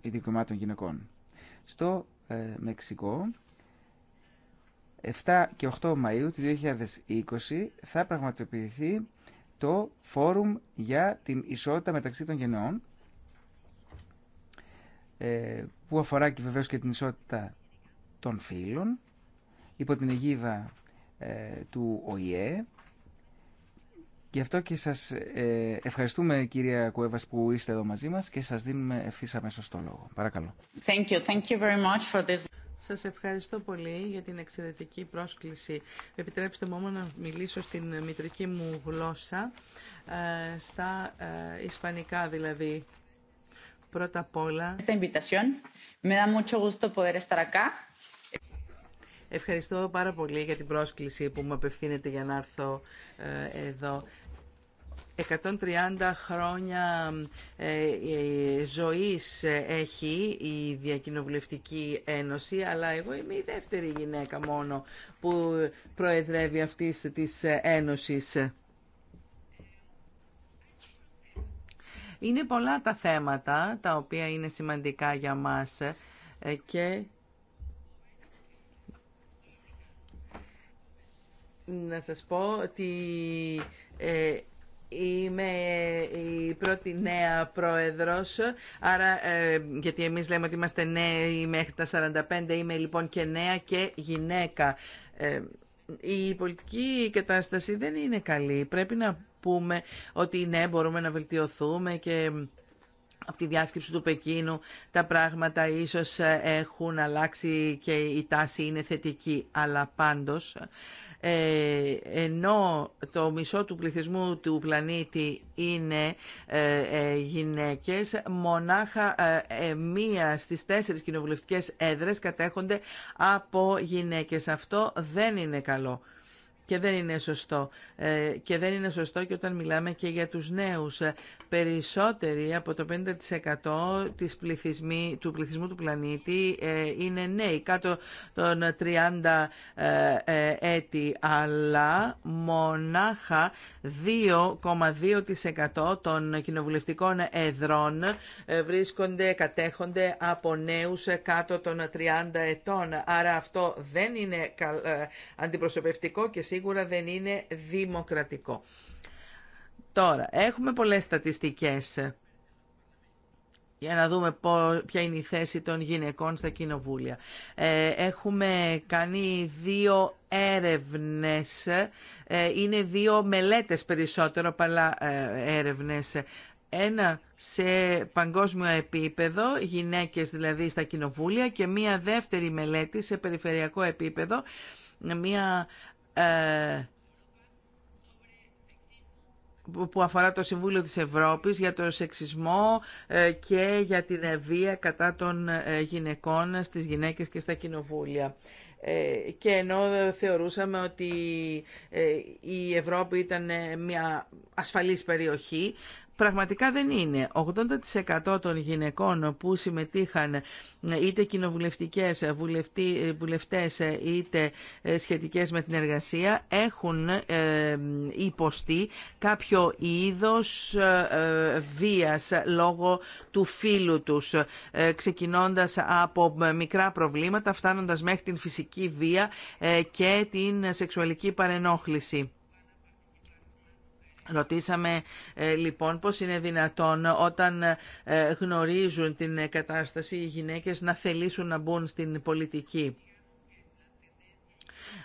δικαιωμάτων γυναικών. Στο ε, Μεξικό, 7 και 8 Μαΐου του 2020 θα πραγματοποιηθεί το Φόρουμ για την Ισότητα μεταξύ των γενεών που αφορά και βεβαίως και την ισότητα των φίλων υπό την αιγίδα ε, του ΟΗΕ. Γι' αυτό και σας ε, ευχαριστούμε κυρία Κουέβας που είστε εδώ μαζί μας και σας δίνουμε ευθύς αμέσως το λόγο. Παρακαλώ. Thank you. Thank you very much for this. Σας ευχαριστώ πολύ για την εξαιρετική πρόσκληση. Επιτρέψτε μου να μιλήσω στην μητρική μου γλώσσα, ε, στα ισπανικά δηλαδή. Πρώτα απ' όλα. Esta invitación. Me da mucho gusto poder Ευχαριστώ πάρα πολύ για την πρόσκληση που μου απευθύνεται για να έρθω ε, εδώ. 130 χρόνια ε, ε, ζωής έχει η Διακοινοβουλευτική Ένωση, αλλά εγώ είμαι η δεύτερη γυναίκα μόνο που προεδρεύει αυτής της Ένωσης. Είναι πολλά τα θέματα τα οποία είναι σημαντικά για μας και να σας πω ότι ε, Είμαι η πρώτη νέα πρόεδρος, άρα ε, γιατί εμείς λέμε ότι είμαστε νέοι μέχρι τα 45, είμαι λοιπόν και νέα και γυναίκα. Ε, η πολιτική κατάσταση δεν είναι καλή. Πρέπει να πούμε ότι ναι, μπορούμε να βελτιωθούμε και από τη διάσκεψη του Πεκίνου τα πράγματα ίσως έχουν αλλάξει και η τάση είναι θετική, αλλά πάντως... Ε, ενώ το μισό του πληθυσμού του πλανήτη είναι ε, ε, γυναίκες, μονάχα μία στις τέσσερις κοινοβουλευτικές έδρες κατέχονται από γυναίκες. Αυτό δεν είναι καλό και δεν είναι σωστό. Ε, και δεν είναι σωστό και όταν μιλάμε και για τους νέους. Ε, περισσότεροι από το 50% της του πληθυσμού του πλανήτη ε, είναι νέοι, κάτω των 30 έτη, αλλά μονάχα 2,2% των κοινοβουλευτικών εδρών βρίσκονται, κατέχονται από νέους κάτω των 30 ετών. Άρα αυτό δεν είναι αντιπροσωπευτικό και σίγουρα σίγουρα δεν είναι δημοκρατικό. Τώρα, έχουμε πολλές στατιστικές για να δούμε ποια είναι η θέση των γυναικών στα κοινοβούλια. Ε, έχουμε κάνει δύο έρευνες, ε, είναι δύο μελέτες περισσότερο παλά ε, έρευνες. Ένα σε παγκόσμιο επίπεδο, γυναίκες δηλαδή στα κοινοβούλια και μία δεύτερη μελέτη σε περιφερειακό επίπεδο, μία ε, που αφορά το Συμβούλιο της Ευρώπης για τον σεξισμό ε, και για την βία κατά των ε, γυναικών στις γυναίκες και στα κοινοβούλια. Και ενώ θεωρούσαμε ότι η Ευρώπη ήταν μια ασφαλής περιοχή, Πραγματικά δεν είναι. 80% των γυναικών που συμμετείχαν είτε κοινοβουλευτικές βουλευτέ είτε ε, σχετικές με την εργασία έχουν ε, υποστεί κάποιο είδος ε, βίας λόγω του φίλου τους, ξεκινώντας από μικρά προβλήματα, φτάνοντας μέχρι την φυσική βία και την σεξουαλική παρενόχληση. Ρωτήσαμε ε, λοιπόν πώς είναι δυνατόν όταν ε, γνωρίζουν την κατάσταση οι γυναίκες να θελήσουν να μπουν στην πολιτική.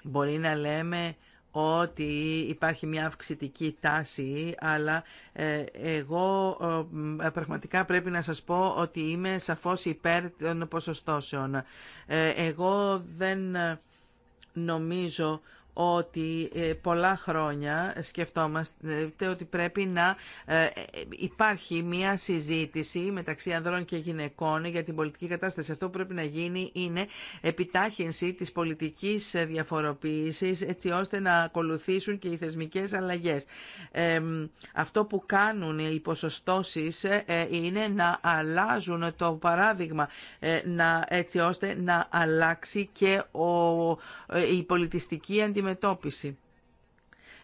Μπορεί να λέμε ότι υπάρχει μια αυξητική τάση, αλλά ε, εγώ πραγματικά πρέπει να σας πω ότι είμαι σαφώς υπέρ των ποσοστώσεων. Εγώ δεν νομίζω ότι ε, πολλά χρόνια σκεφτόμαστε ότι πρέπει να ε, υπάρχει μια συζήτηση μεταξύ ανδρών και γυναικών για την πολιτική κατάσταση. Αυτό που πρέπει να γίνει είναι επιτάχυνση της πολιτικής διαφοροποίησης έτσι ώστε να ακολουθήσουν και οι θεσμικές αλλαγές. Ε, αυτό που κάνουν οι ποσοστώσεις είναι να αλλάζουν το παράδειγμα έτσι ώστε να αλλάξει και η πολιτιστική αντιμετώπιση αντιμετώπιση.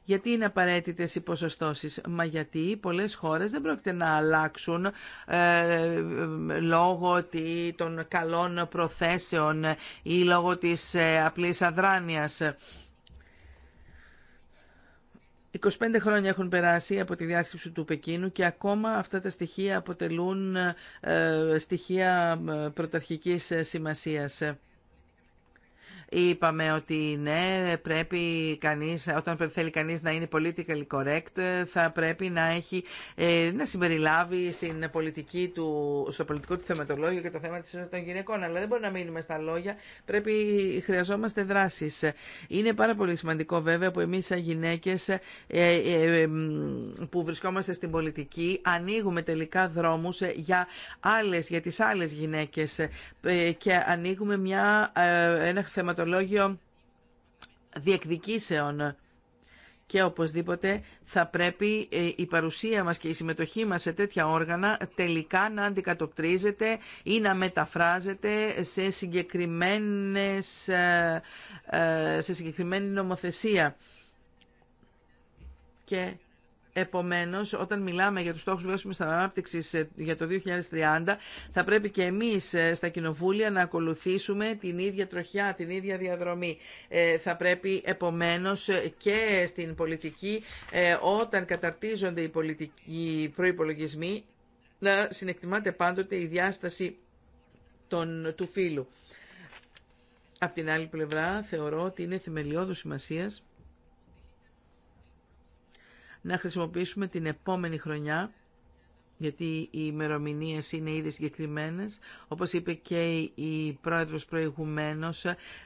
Γιατί είναι απαραίτητε οι ποσοστώσει, Μα γιατί πολλέ χώρε δεν πρόκειται να αλλάξουν ε, λόγω των καλών προθέσεων ή λόγω τη ε, απλή αδράνεια. 25 χρόνια έχουν περάσει από τη διάσκεψη του Πεκίνου και ακόμα αυτά τα στοιχεία αποτελούν ε, στοιχεία ε, πρωταρχικής σημασίας. Είπαμε ότι ναι, πρέπει κανείς, όταν θέλει κανείς να είναι politically correct, θα πρέπει να, έχει, ε, να συμπεριλάβει στην πολιτική του, στο πολιτικό του θεματολόγιο και το θέμα της των γυναικών. Αλλά δεν μπορεί να μείνουμε στα λόγια, πρέπει, χρειαζόμαστε δράσεις. Είναι πάρα πολύ σημαντικό βέβαια που εμείς σαν γυναίκες ε, ε, που βρισκόμαστε στην πολιτική ανοίγουμε τελικά δρόμους για άλλες, για τις άλλες γυναίκες και ανοίγουμε μια, ένα θεματολόγιο διεκδικήσεων και οπωσδήποτε θα πρέπει ε, η παρουσία μας και η συμμετοχή μας σε τέτοια όργανα τελικά να αντικατοπτρίζεται ή να μεταφράζεται σε, συγκεκριμένες, ε, ε, σε συγκεκριμένη νομοθεσία. Και Επομένως, όταν μιλάμε για τους στόχους βιώσιμης ανάπτυξη ε, για το 2030, θα πρέπει και εμείς ε, στα κοινοβούλια να ακολουθήσουμε την ίδια τροχιά, την ίδια διαδρομή. Ε, θα πρέπει επομένως και στην πολιτική, όταν καταρτίζονται οι πολιτικοί προϋπολογισμοί, να συνεκτιμάται πάντοτε η διάσταση των, του φύλου. Απ' την άλλη πλευρά, θεωρώ ότι είναι θεμελιώδου σημασίας να χρησιμοποιήσουμε την επόμενη χρονιά γιατί οι ημερομηνίε είναι ήδη συγκεκριμένε. Όπως είπε και η πρόεδρο προηγουμένω,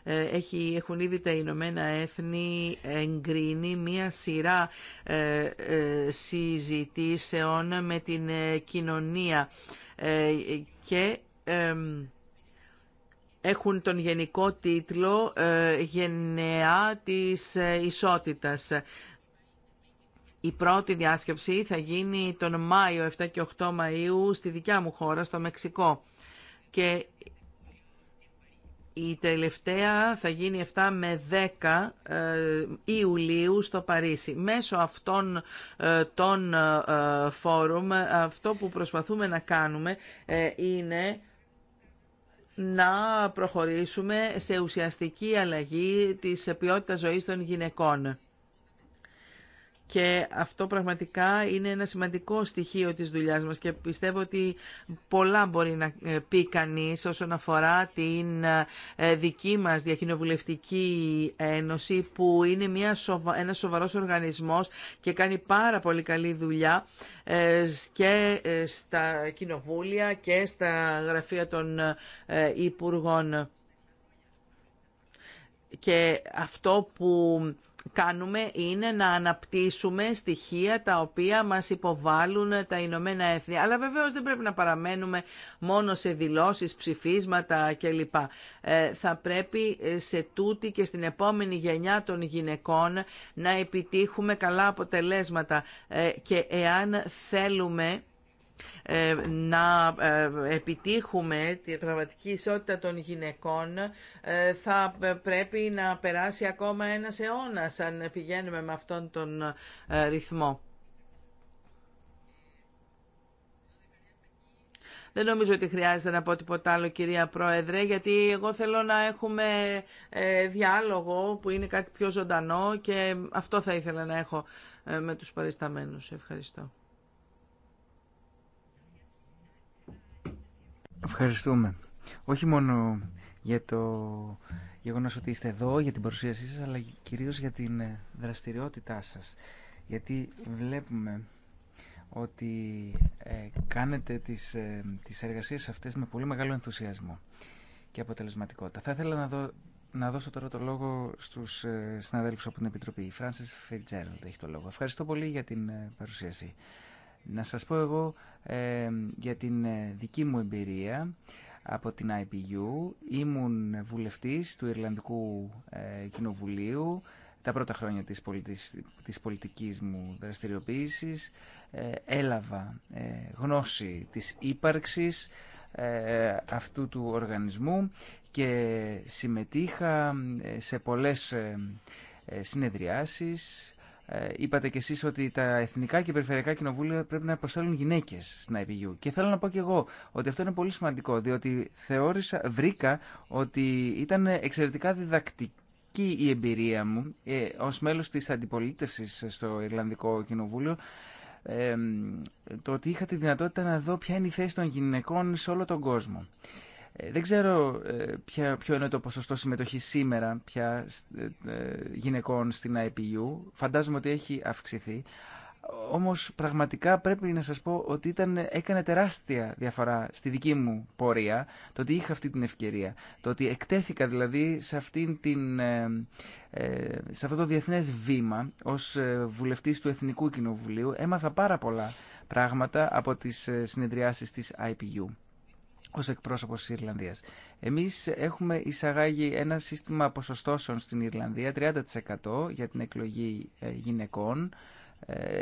ε, έχουν ήδη τα Ηνωμένα Έθνη εγκρίνει μία σειρά ε, ε, συζητήσεων με την κοινωνία και έχουν τον γενικό τίτλο «Γενεά της Ισότητας». Η πρώτη διάσκεψη θα γίνει τον Μάιο 7 και 8 Μαΐου στη δικιά μου χώρα, στο Μεξικό. Και η τελευταία θα γίνει 7 με 10 ε, Ιουλίου στο Παρίσι. Μέσω αυτών ε, των ε, φόρουμ αυτό που προσπαθούμε να κάνουμε είναι να προχωρήσουμε σε ουσιαστική αλλαγή της ποιότητας ζωής των γυναικών και αυτό πραγματικά είναι ένα σημαντικό στοιχείο της δουλειάς μας και πιστεύω ότι πολλά μπορεί να ε, πει κανείς όσον αφορά την ε, δική μας διακοινοβουλευτική ένωση που είναι μια σοβα... ένας σοβαρός οργανισμός και κάνει πάρα πολύ καλή δουλειά ε, και στα κοινοβούλια και στα γραφεία των Υπουργών. Και αυτό που κάνουμε είναι να αναπτύσσουμε στοιχεία τα οποία μας υποβάλλουν τα Ηνωμένα Έθνη. Αλλά βεβαίως δεν πρέπει να παραμένουμε μόνο σε δηλώσεις, ψηφίσματα κλπ. Ε, θα πρέπει ε, σε τούτη και στην επόμενη γενιά των γυναικών να επιτύχουμε καλά αποτελέσματα ε, και εάν θέλουμε ε, να ε, επιτύχουμε την πραγματική ισότητα των γυναικών ε, θα πρέπει να περάσει ακόμα ένα αιώνας αν πηγαίνουμε με αυτόν τον ρυθμό. Δεν νομίζω ότι χρειάζεται να πω τίποτα άλλο, κυρία Πρόεδρε, γιατί εγώ θέλω να έχουμε διάλογο που είναι κάτι πιο ζωντανό και αυτό θα ήθελα να έχω με τους παρισταμένους. Ευχαριστώ. Ευχαριστούμε. Όχι μόνο για το γεγονός ότι είστε εδώ, για την παρουσίασή σας, αλλά κυρίως για την ε, δραστηριότητά σας. Γιατί βλέπουμε ότι ε, κάνετε τις, ε, τις εργασίες αυτές με πολύ μεγάλο ενθουσιασμό και αποτελεσματικότητα. Θα ήθελα να, να δώσω τώρα το λόγο στους ε, συναδέλφους από την Επιτροπή. Η Frances Fitzgerald έχει το λόγο. Ευχαριστώ πολύ για την ε, παρουσίαση. Να σας πω εγώ ε, για την ε, δική μου εμπειρία από την IPU. Ήμουν βουλευτής του Ιρλανδικού ε, Κοινοβουλίου τα πρώτα χρόνια της, πολιτικής, της μου δραστηριοποίησης. έλαβα γνώση της ύπαρξης αυτού του οργανισμού και συμμετείχα σε πολλές συνεδριάσεις ε, είπατε κι εσεί ότι τα εθνικά και περιφερειακά κοινοβούλια πρέπει να προσθέτουν γυναίκες στην IPU. Και θέλω να πω κι εγώ ότι αυτό είναι πολύ σημαντικό, διότι θεώρησα, βρήκα ότι ήταν εξαιρετικά διδακτική η εμπειρία μου ε, ως μέλος της αντιπολίτευσης στο Ιρλανδικό Κοινοβούλιο ε, το ότι είχα τη δυνατότητα να δω ποια είναι η θέση των γυναικών σε όλο τον κόσμο. Ε, δεν ξέρω ε, ποιο είναι το ποσοστό συμμετοχή σήμερα πια ε, γυναικών στην IPU. Φαντάζομαι ότι έχει αυξηθεί. Όμως πραγματικά πρέπει να σας πω ότι ήταν, έκανε τεράστια διαφορά στη δική μου πορεία το ότι είχα αυτή την ευκαιρία. Το ότι εκτέθηκα δηλαδή σε, αυτήν την, σε αυτό το διεθνές βήμα ως βουλευτής του Εθνικού Κοινοβουλίου έμαθα πάρα πολλά πράγματα από τις συνεδριάσεις της IPU ως εκπρόσωπος τη Ιρλανδίας. Εμείς έχουμε εισαγάγει ένα σύστημα ποσοστώσεων στην Ιρλανδία, 30% για την εκλογή ε, γυναικών,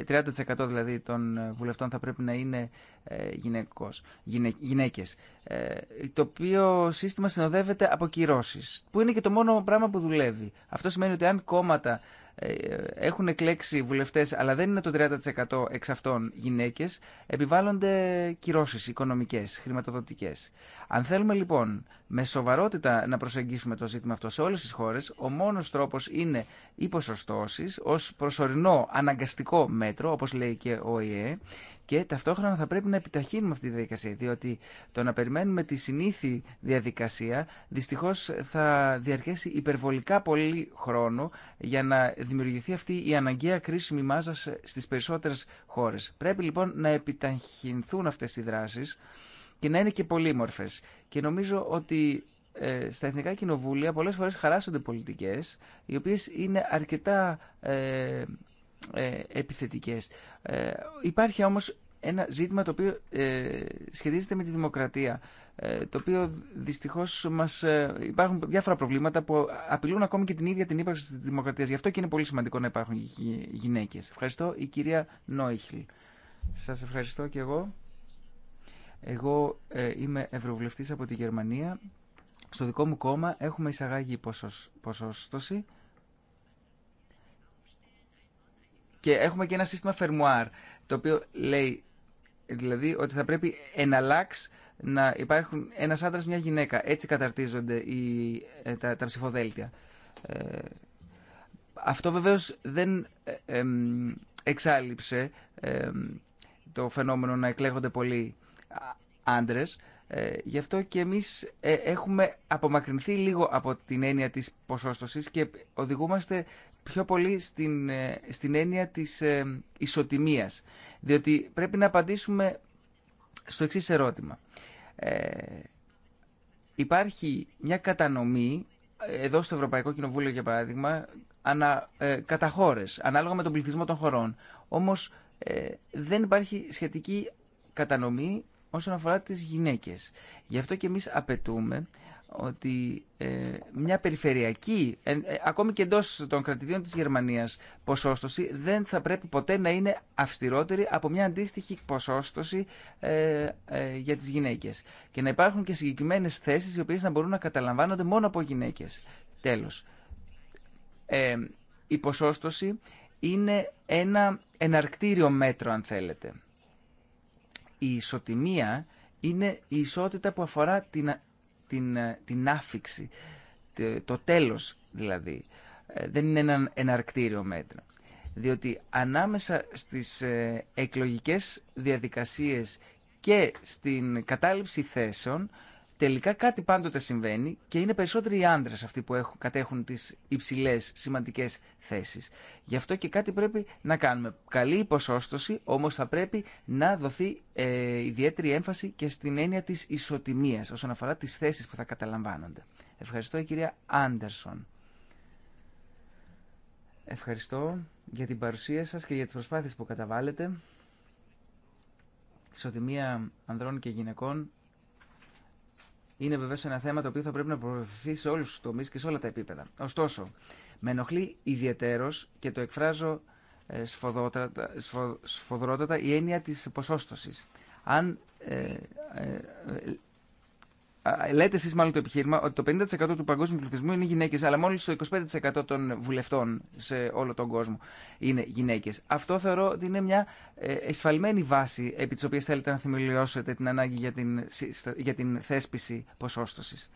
30% ε, δηλαδή των βουλευτών θα πρέπει να είναι ε, γυναικός, γυναίκες. Το οποίο σύστημα συνοδεύεται από κυρώσεις, που είναι και το μόνο πράγμα που δουλεύει. Αυτό σημαίνει ότι αν κόμματα ε, έχουν εκλέξει βουλευτές αλλά δεν είναι το 30% εξ αυτών γυναίκες επιβάλλονται κυρώσεις οικονομικές, χρηματοδοτικές. Αν θέλουμε λοιπόν με σοβαρότητα να προσεγγίσουμε το ζήτημα αυτό σε όλες τις χώρες. Ο μόνος τρόπος είναι οι ποσοστώσεις ως προσωρινό αναγκαστικό μέτρο, όπως λέει και ο ΙΕ, και ταυτόχρονα θα πρέπει να επιταχύνουμε αυτή τη διαδικασία, διότι το να περιμένουμε τη συνήθη διαδικασία δυστυχώς θα διαρκέσει υπερβολικά πολύ χρόνο για να δημιουργηθεί αυτή η αναγκαία κρίσιμη μάζα στις περισσότερες χώρες. Πρέπει λοιπόν να επιταχυνθούν αυτές οι δράσεις και να είναι και πολύμορφε. Και νομίζω ότι ε, στα εθνικά κοινοβούλια πολλές φορές χαράσσονται πολιτικές οι οποίες είναι αρκετά ε, ε, επιθετικές. Ε, υπάρχει όμως ένα ζήτημα το οποίο ε, σχετίζεται με τη δημοκρατία το οποίο δυστυχώς μας υπάρχουν διάφορα προβλήματα που απειλούν ακόμη και την ίδια την ύπαρξη της δημοκρατίας. Γι' αυτό και είναι πολύ σημαντικό να υπάρχουν γυναίκες. Ευχαριστώ η κυρία Νόιχλ. Σας ευχαριστώ και εγώ. Εγώ ε, είμαι ευρωβουλευτής από τη Γερμανία. Στο δικό μου κόμμα έχουμε εισαγάγει ποσόστοση και έχουμε και ένα σύστημα φερμουάρ, το οποίο λέει δηλαδή ότι θα πρέπει εναλλάξ να υπάρχουν ένας άντρας, μια γυναίκα. Έτσι καταρτίζονται οι, ε, τα, τα ψηφοδέλτια. Ε, αυτό βεβαίως δεν ε, εξάλληψε το φαινόμενο να εκλέγονται πολλοί άντρες. Ε, γι' αυτό και εμείς ε, έχουμε απομακρυνθεί λίγο από την έννοια της ποσόστοσης και οδηγούμαστε πιο πολύ στην, ε, στην έννοια της ισοτιμίας. Διότι πρέπει να απαντήσουμε στο εξή ερώτημα. Ε, υπάρχει μια κατανομή, εδώ στο Ευρωπαϊκό Κοινοβούλιο για παράδειγμα, ανα, ε, κατά χώρε ανάλογα με τον πληθυσμό των χωρών. Όμως ε, δεν υπάρχει σχετική κατανομή όσον αφορά τις γυναίκες. Γι' αυτό και εμείς απαιτούμε ότι ε, μια περιφερειακή, ε, ε, ακόμη και εντό των κρατηδίων της Γερμανίας, ποσόστοση δεν θα πρέπει ποτέ να είναι αυστηρότερη από μια αντίστοιχη ποσόστοση για τις γυναίκες. Και να υπάρχουν και συγκεκριμένες θέσεις οι οποίες να μπορούν να καταλαμβάνονται μόνο από γυναίκες. Τέλος, η ποσόστοση είναι ένα εναρκτήριο μέτρο αν θέλετε η ισοτιμία είναι η ισότητα που αφορά την, την, την άφηξη, το τέλος δηλαδή. Ε, δεν είναι ένα εναρκτήριο μέτρο. Διότι ανάμεσα στις ε, εκλογικές διαδικασίες και στην κατάληψη θέσεων Τελικά κάτι πάντοτε συμβαίνει και είναι περισσότεροι οι άντρε αυτοί που έχουν, κατέχουν τι υψηλέ σημαντικέ θέσει. Γι' αυτό και κάτι πρέπει να κάνουμε. Καλή υποσώστοση όμως όμω θα πρέπει να δοθεί ε, ιδιαίτερη έμφαση και στην έννοια τη ισοτιμία όσον αφορά τι θέσει που θα καταλαμβάνονται. Ευχαριστώ, η κυρία Άντερσον. Ευχαριστώ για την παρουσία σας και για τις προσπάθειες που καταβάλλετε. Ισοτιμία ανδρών και γυναικών είναι βεβαίω ένα θέμα το οποίο θα πρέπει να προωθηθεί σε όλου του τομεί και σε όλα τα επίπεδα. Ωστόσο, με ενοχλεί ιδιαίτερω και το εκφράζω ε, σφοδρότατα, η έννοια τη ποσόστοση. Αν ε, ε, λέτε εσεί μάλλον το επιχείρημα ότι το 50% του παγκόσμιου πληθυσμού είναι γυναίκες, αλλά μόλις το 25% των βουλευτών σε όλο τον κόσμο είναι γυναίκες. Αυτό θεωρώ ότι είναι μια ε, εσφαλμένη βάση επί τη οποίας θέλετε να θεμελιώσετε την ανάγκη για την, για την θέσπιση ποσόστοσης.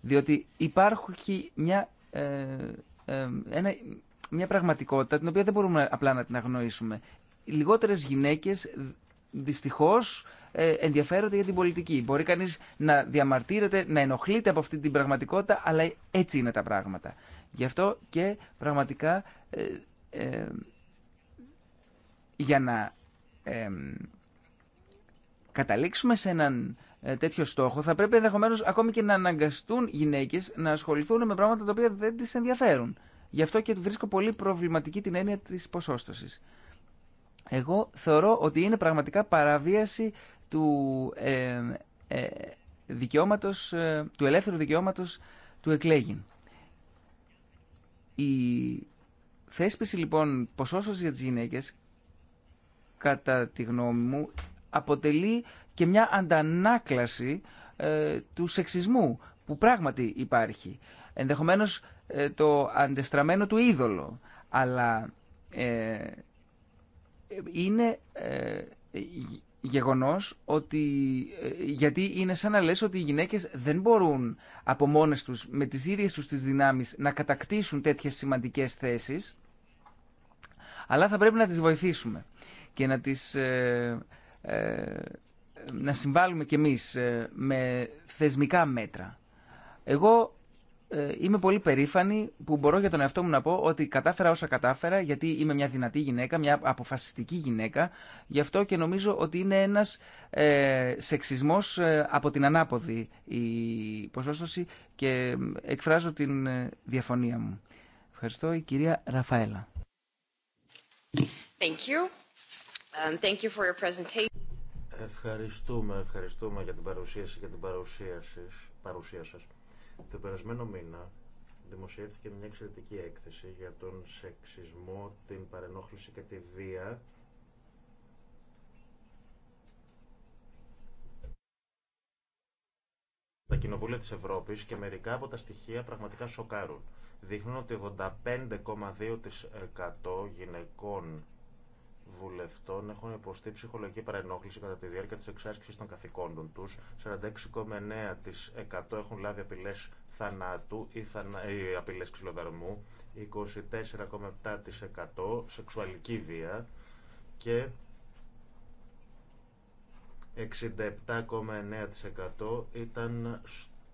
Διότι υπάρχει μια, ε, ε μια πραγματικότητα την οποία δεν μπορούμε απλά να την αγνοήσουμε. Οι λιγότερες γυναίκες ε, ενδιαφέρονται για την πολιτική. Μπορεί κανείς να διαμαρτύρεται, να ενοχλείται από αυτή την πραγματικότητα, αλλά έτσι είναι τα πράγματα. Γι' αυτό και πραγματικά ε, ε, για να ε, καταλήξουμε σε έναν ε, τέτοιο στόχο θα πρέπει ενδεχομένω ακόμη και να αναγκαστούν γυναίκες να ασχοληθούν με πράγματα τα οποία δεν τι ενδιαφέρουν. Γι' αυτό και βρίσκω πολύ προβληματική την έννοια της ποσόστοσης. Εγώ θεωρώ ότι είναι πραγματικά παραβίαση του ε, ε, ε, του ελεύθερου δικαιώματος του εκλέγην. Η θέσπιση λοιπόν ποσόσως για τις γυναίκες, κατά τη γνώμη μου, αποτελεί και μια αντανάκλαση ε, του σεξισμού που πράγματι υπάρχει. Ενδεχομένως το αντεστραμμένο του είδωλο, αλλά ε, είναι γεγονός ότι, ε, γιατί είναι σαν να λες ότι οι γυναίκες δεν μπορούν από μόνες τους, με τις ίδιες τους τις δυνάμεις, να κατακτήσουν τέτοιες σημαντικές θέσεις, αλλά θα πρέπει να τις βοηθήσουμε και να τις... Ε, ε, να συμβάλλουμε κι εμείς με θεσμικά μέτρα. Εγώ ε, είμαι πολύ περήφανη που μπορώ για τον εαυτό μου να πω ότι κατάφερα όσα κατάφερα γιατί είμαι μια δυνατή γυναίκα, μια αποφασιστική γυναίκα. Γι' αυτό και νομίζω ότι είναι ένας ε, σεξισμός ε, από την ανάποδη η ποσόστοση και εκφράζω την ε, διαφωνία μου. Ευχαριστώ η κυρία Ραφαέλα. Thank you. Um, thank you for your Ευχαριστούμε, ευχαριστούμε για την παρουσίαση και την παρουσίαση, παρουσία σας. Το περασμένο μήνα δημοσιεύτηκε μια εξαιρετική έκθεση για τον σεξισμό, την παρενόχληση και τη βία τα κοινοβούλια της Ευρώπης και μερικά από τα στοιχεία πραγματικά σοκάρουν. Δείχνουν ότι 85,2% γυναικών βουλευτών έχουν υποστεί ψυχολογική παρενόχληση κατά τη διάρκεια τη εξάσκηση των καθηκόντων του. 46,9% έχουν λάβει απειλέ θανάτου ή, θανα... ξυλοδαρμού. 24,7% σεξουαλική βία και 67,9% ήταν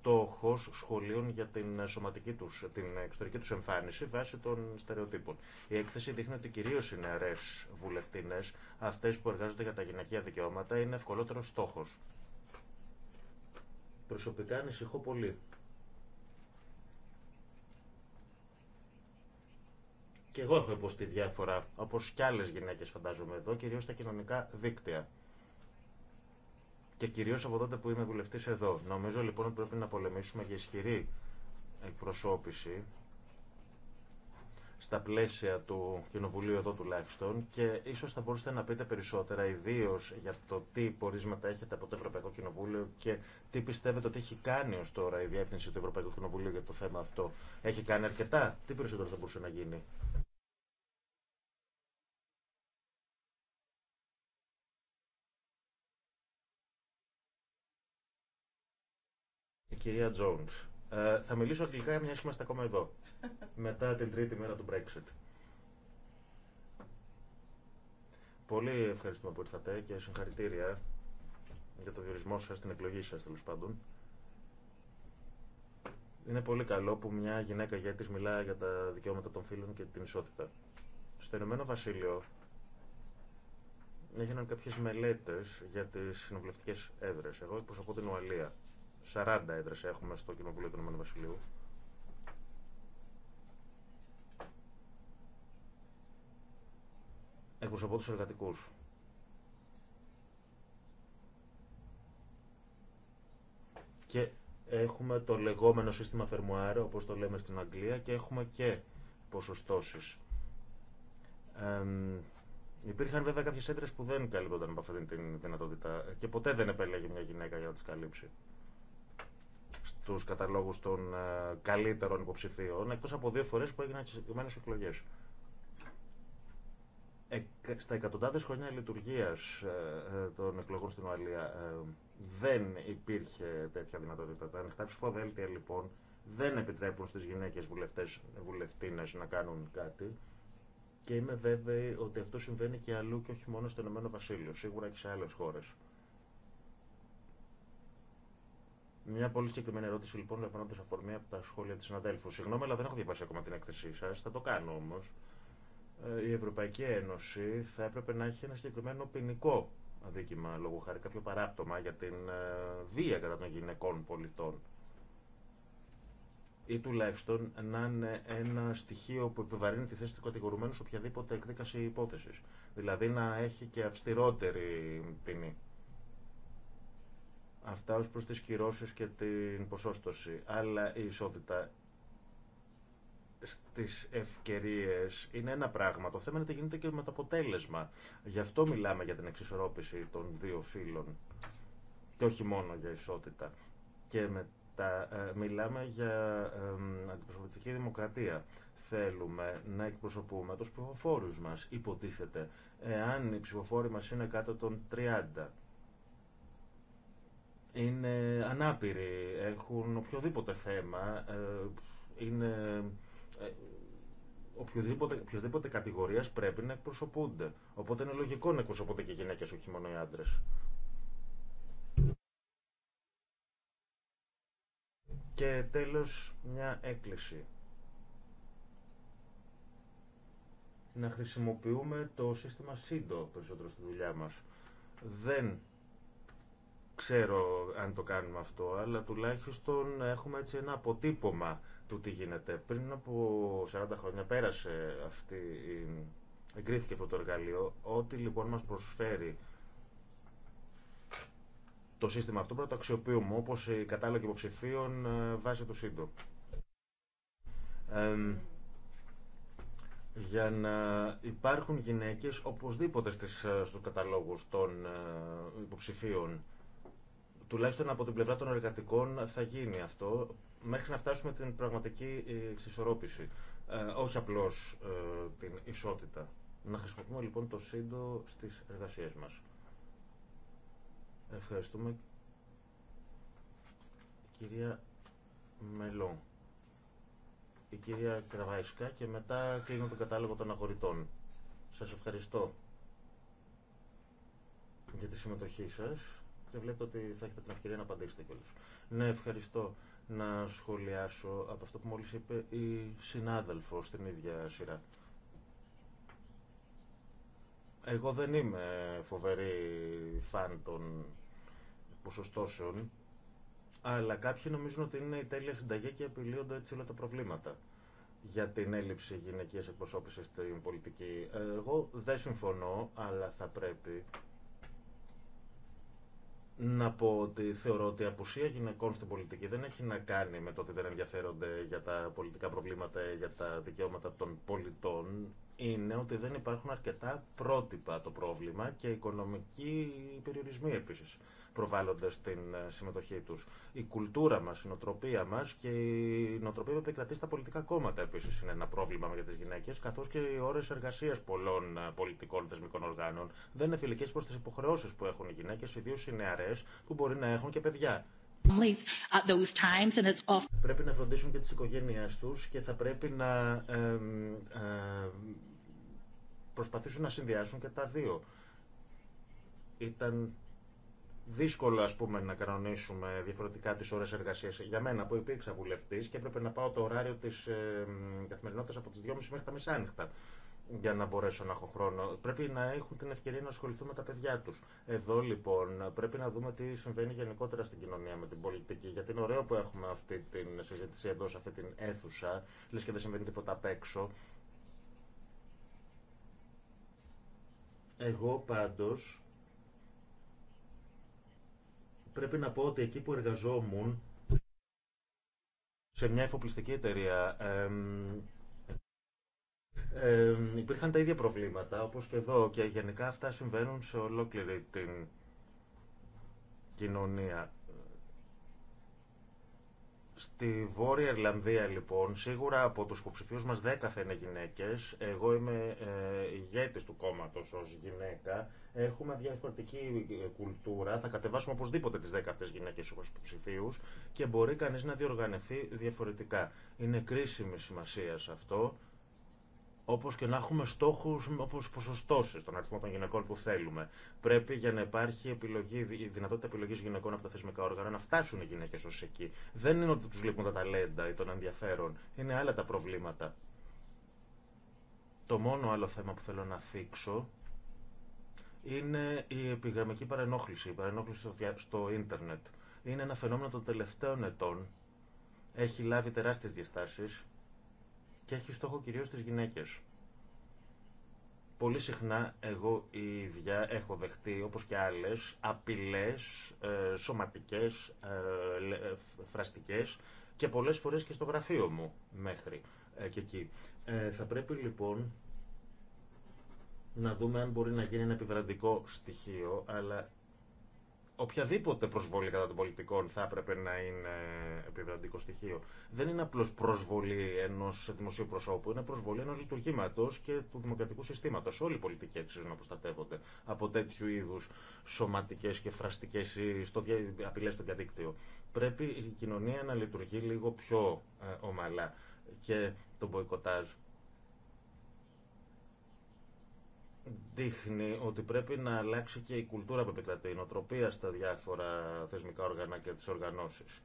στόχο σχολείων για την, σωματική τους, την εξωτερική τους εμφάνιση βάσει των στερεοτύπων. Η έκθεση δείχνει ότι κυρίως οι νεαρές βουλευτίνες, αυτές που εργάζονται για τα γυναικεία δικαιώματα, είναι ευκολότερο στόχο. Προσωπικά ανησυχώ πολύ. Και εγώ έχω υποστεί διάφορα, όπως κι άλλες γυναίκες φαντάζομαι εδώ, κυρίως στα κοινωνικά δίκτυα και κυρίως από τότε που είμαι βουλευτής εδώ. Νομίζω λοιπόν ότι πρέπει να πολεμήσουμε για ισχυρή εκπροσώπηση στα πλαίσια του Κοινοβουλίου εδώ τουλάχιστον και ίσως θα μπορούσατε να πείτε περισσότερα ιδίω για το τι πορίσματα έχετε από το Ευρωπαϊκό Κοινοβούλιο και τι πιστεύετε ότι έχει κάνει ως τώρα η διεύθυνση του Ευρωπαϊκού Κοινοβουλίου για το θέμα αυτό. Έχει κάνει αρκετά. Τι περισσότερο θα μπορούσε να γίνει. κυρία Jones. Ε, θα μιλήσω αγγλικά μια και είμαστε ακόμα εδώ. <laughs> Μετά την τρίτη μέρα του Brexit. Πολύ ευχαριστούμε που ήρθατε και συγχαρητήρια για το διορισμό σας, την εκλογή σας τέλο πάντων. Είναι πολύ καλό που μια γυναίκα γιατί μιλά για τα δικαιώματα των φίλων και την ισότητα. Στο Ηνωμένο Βασίλειο έγιναν κάποιες μελέτες για τις συνοβουλευτικές έδρες. Εγώ εκπροσωπώ την Ουαλία 40 έδρες έχουμε στο Κοινοβούλιο του Ηνωμένου Βασιλείου. Εκπροσωπώ τους εργατικούς. Και έχουμε το λεγόμενο σύστημα φερμουάρε, όπως το λέμε στην Αγγλία, και έχουμε και ποσοστώσεις. Ε, υπήρχαν βέβαια κάποιες έντρες που δεν καλύπτονταν από αυτή την δυνατότητα και ποτέ δεν επέλεγε μια γυναίκα για να τις καλύψει στους καταλόγους των ε, καλύτερων υποψηφίων, εκτός από δύο φορές που έγιναν τις συγκεκριμένες εκλογές. Ε, στα εκατοντάδες χρόνια λειτουργίας ε, των εκλογών στην Ουαλία δεν υπήρχε τέτοια δυνατότητα. Τα ανοιχτά ψηφοδέλτια λοιπόν δεν επιτρέπουν στις γυναίκες βουλευτές, βουλευτίνες να κάνουν κάτι και είμαι βέβαιη ότι αυτό συμβαίνει και αλλού και όχι μόνο στο Ηνωμένο Βασίλειο, σίγουρα και σε άλλες χώρες. Μια πολύ συγκεκριμένη ερώτηση λοιπόν, λαμβάνοντα αφορμή από τα σχόλια τη συναδέλφου. Συγγνώμη, αλλά δεν έχω διαβάσει ακόμα την έκθεσή σα. Θα το κάνω όμω. Ε, η Ευρωπαϊκή Ένωση θα έπρεπε να έχει ένα συγκεκριμένο ποινικό αδίκημα, λόγω χάρη κάποιο παράπτωμα για την ε, βία κατά των γυναικών πολιτών. Ή τουλάχιστον να είναι ένα στοιχείο που επιβαρύνει τη θέση του κατηγορουμένου σε οποιαδήποτε εκδίκαση υπόθεση. Δηλαδή να έχει και αυστηρότερη ποινή. Αυτά ως προς τις κυρώσεις και την ποσόστοση. Αλλά η ισότητα στις ευκαιρίες είναι ένα πράγμα. Το θέμα είναι ότι γίνεται και με το αποτέλεσμα. Γι' αυτό μιλάμε για την εξισορρόπηση των δύο φύλων και όχι μόνο για ισότητα. Και μετά ε, μιλάμε για ε, αντιπροσωπευτική δημοκρατία. Θέλουμε να εκπροσωπούμε τους ψηφοφόρους μας, υποτίθεται. Εάν οι ψηφοφόροι μας είναι κάτω των 30 είναι ανάπηροι, έχουν οποιοδήποτε θέμα, ε, είναι ε, οποιοδήποτε, οποιοδήποτε κατηγορία πρέπει να εκπροσωπούνται. Οπότε είναι λογικό να εκπροσωπούνται και γυναίκε, όχι μόνο οι άντρε. Και τέλος μια έκκληση. Να χρησιμοποιούμε το σύστημα ΣΥΝΤΟ περισσότερο στη δουλειά μας. Δεν ξέρω αν το κάνουμε αυτό, αλλά τουλάχιστον έχουμε έτσι ένα αποτύπωμα του τι γίνεται. Πριν από 40 χρόνια πέρασε αυτή, εγκρίθηκε αυτό το εργαλείο. Ό,τι λοιπόν μας προσφέρει το σύστημα αυτό πρέπει να το αξιοποιούμε, όπως η κατάλογη υποψηφίων ε, βάσει του ΣΥΝΤΟ. για να υπάρχουν γυναίκες οπωσδήποτε στις, ε, στους καταλόγους των ε, υποψηφίων τουλάχιστον από την πλευρά των εργατικών θα γίνει αυτό μέχρι να φτάσουμε την πραγματική ε, εξισορρόπηση, ε, όχι απλώς ε, την ισότητα. Να χρησιμοποιούμε λοιπόν το σύντο στις εργασίες μας. Ευχαριστούμε. Κυρία Μελό. Η κυρία Κραβάισκα και μετά κλείνω το κατάλογο των αγοριτών. Σας ευχαριστώ για τη συμμετοχή σας και βλέπω ότι θα έχετε την ευκαιρία να απαντήσετε κιόλα. Ναι, ευχαριστώ να σχολιάσω από αυτό που μόλις είπε η συνάδελφος στην ίδια σειρά. Εγώ δεν είμαι φοβερή φαν των ποσοστώσεων, αλλά κάποιοι νομίζουν ότι είναι η τέλεια συνταγή και απειλείονται έτσι όλα τα προβλήματα για την έλλειψη γυναικείας εκπροσώπησης στην πολιτική. Εγώ δεν συμφωνώ, αλλά θα πρέπει να πω ότι θεωρώ ότι η απουσία γυναικών στην πολιτική δεν έχει να κάνει με το ότι δεν ενδιαφέρονται για τα πολιτικά προβλήματα, για τα δικαιώματα των πολιτών είναι ότι δεν υπάρχουν αρκετά πρότυπα το πρόβλημα και οικονομικοί περιορισμοί επίσης προβάλλονται την ε, συμμετοχή τους. Η κουλτούρα μας, η νοτροπία μας και η νοτροπία που επικρατεί στα πολιτικά κόμματα επίσης είναι ένα πρόβλημα για τις γυναίκες, καθώς και οι ώρες εργασίας πολλών ε, πολιτικών θεσμικών οργάνων δεν είναι φιλικές προς τις υποχρεώσεις που έχουν οι γυναίκες, ιδίως οι νεαρές που μπορεί να έχουν και παιδιά. Πρέπει να φροντίσουν και τις οικογένειές τους και θα πρέπει να προσπαθήσουν να συνδυάσουν και τα δύο. Ήταν δύσκολο ας πούμε να κανονίσουμε διαφορετικά τις ώρες εργασίας για μένα που υπήρξα βουλευτής και έπρεπε να πάω το ωράριο της ε, καθημερινότητας από τις 2.30 μέχρι τα μεσάνυχτα για να μπορέσω να έχω χρόνο. Πρέπει να έχουν την ευκαιρία να ασχοληθούν με τα παιδιά του. Εδώ λοιπόν πρέπει να δούμε τι συμβαίνει γενικότερα στην κοινωνία με την πολιτική. Γιατί είναι ωραίο που έχουμε αυτή τη συζήτηση εδώ σε αυτή την αίθουσα. Λε και δεν συμβαίνει τίποτα απ' έξω. Εγώ πάντως πρέπει να πω ότι εκεί που εργαζόμουν σε μια εφοπλιστική εταιρεία εμ, ε, υπήρχαν τα ίδια προβλήματα, όπως και εδώ, και γενικά αυτά συμβαίνουν σε ολόκληρη την κοινωνία. Στη Βόρεια Ιρλανδία, λοιπόν, σίγουρα από τους υποψηφίου μας 10 θα είναι γυναίκες. Εγώ είμαι ε, ηγέτης του κόμματος ως γυναίκα. Έχουμε διαφορετική ε, κουλτούρα. Θα κατεβάσουμε οπωσδήποτε τις 10 αυτές γυναίκες ως υποψηφίου και μπορεί κανείς να διοργανωθεί διαφορετικά. Είναι κρίσιμη σημασία σε αυτό όπως και να έχουμε στόχου, όπω ποσοστώσεις των αριθμών των γυναικών που θέλουμε. Πρέπει για να υπάρχει επιλογή, η δυνατότητα επιλογής γυναικών από τα θεσμικά όργανα να φτάσουν οι γυναίκες ω εκεί. Δεν είναι ότι του λείπουν τα ταλέντα ή των ενδιαφέρον. Είναι άλλα τα προβλήματα. Το μόνο άλλο θέμα που θέλω να θίξω είναι η επιγραμμική παρενόχληση, η παρενόχληση στο ίντερνετ. Είναι ένα φαινόμενο των τελευταίων ετών. Έχει λάβει τεράστιες διαστάσεις και έχει στόχο κυρίως τις γυναίκες. Πολύ συχνά εγώ η ίδια έχω δεχτεί, όπως και άλλες, απειλές, ε, σωματικές, ε, φραστικές και πολλές φορές και στο γραφείο μου μέχρι ε, και εκεί. Ε, θα πρέπει λοιπόν να δούμε αν μπορεί να γίνει ένα επιβραντικό στοιχείο, αλλά οποιαδήποτε προσβολή κατά των πολιτικών θα έπρεπε να είναι επιβραντικό στοιχείο. Δεν είναι απλώ προσβολή ενό δημοσίου προσώπου, είναι προσβολή ενό λειτουργήματο και του δημοκρατικού συστήματο. Όλοι οι πολιτικοί αξίζουν να προστατεύονται από τέτοιου είδου σωματικέ και φραστικέ απειλέ στο διαδίκτυο. Πρέπει η κοινωνία να λειτουργεί λίγο πιο ε, ομαλά και το μποϊκοτάζ δείχνει ότι πρέπει να αλλάξει και η κουλτούρα που επικρατεί, η νοοτροπία στα διάφορα θεσμικά όργανα και τις οργανώσεις.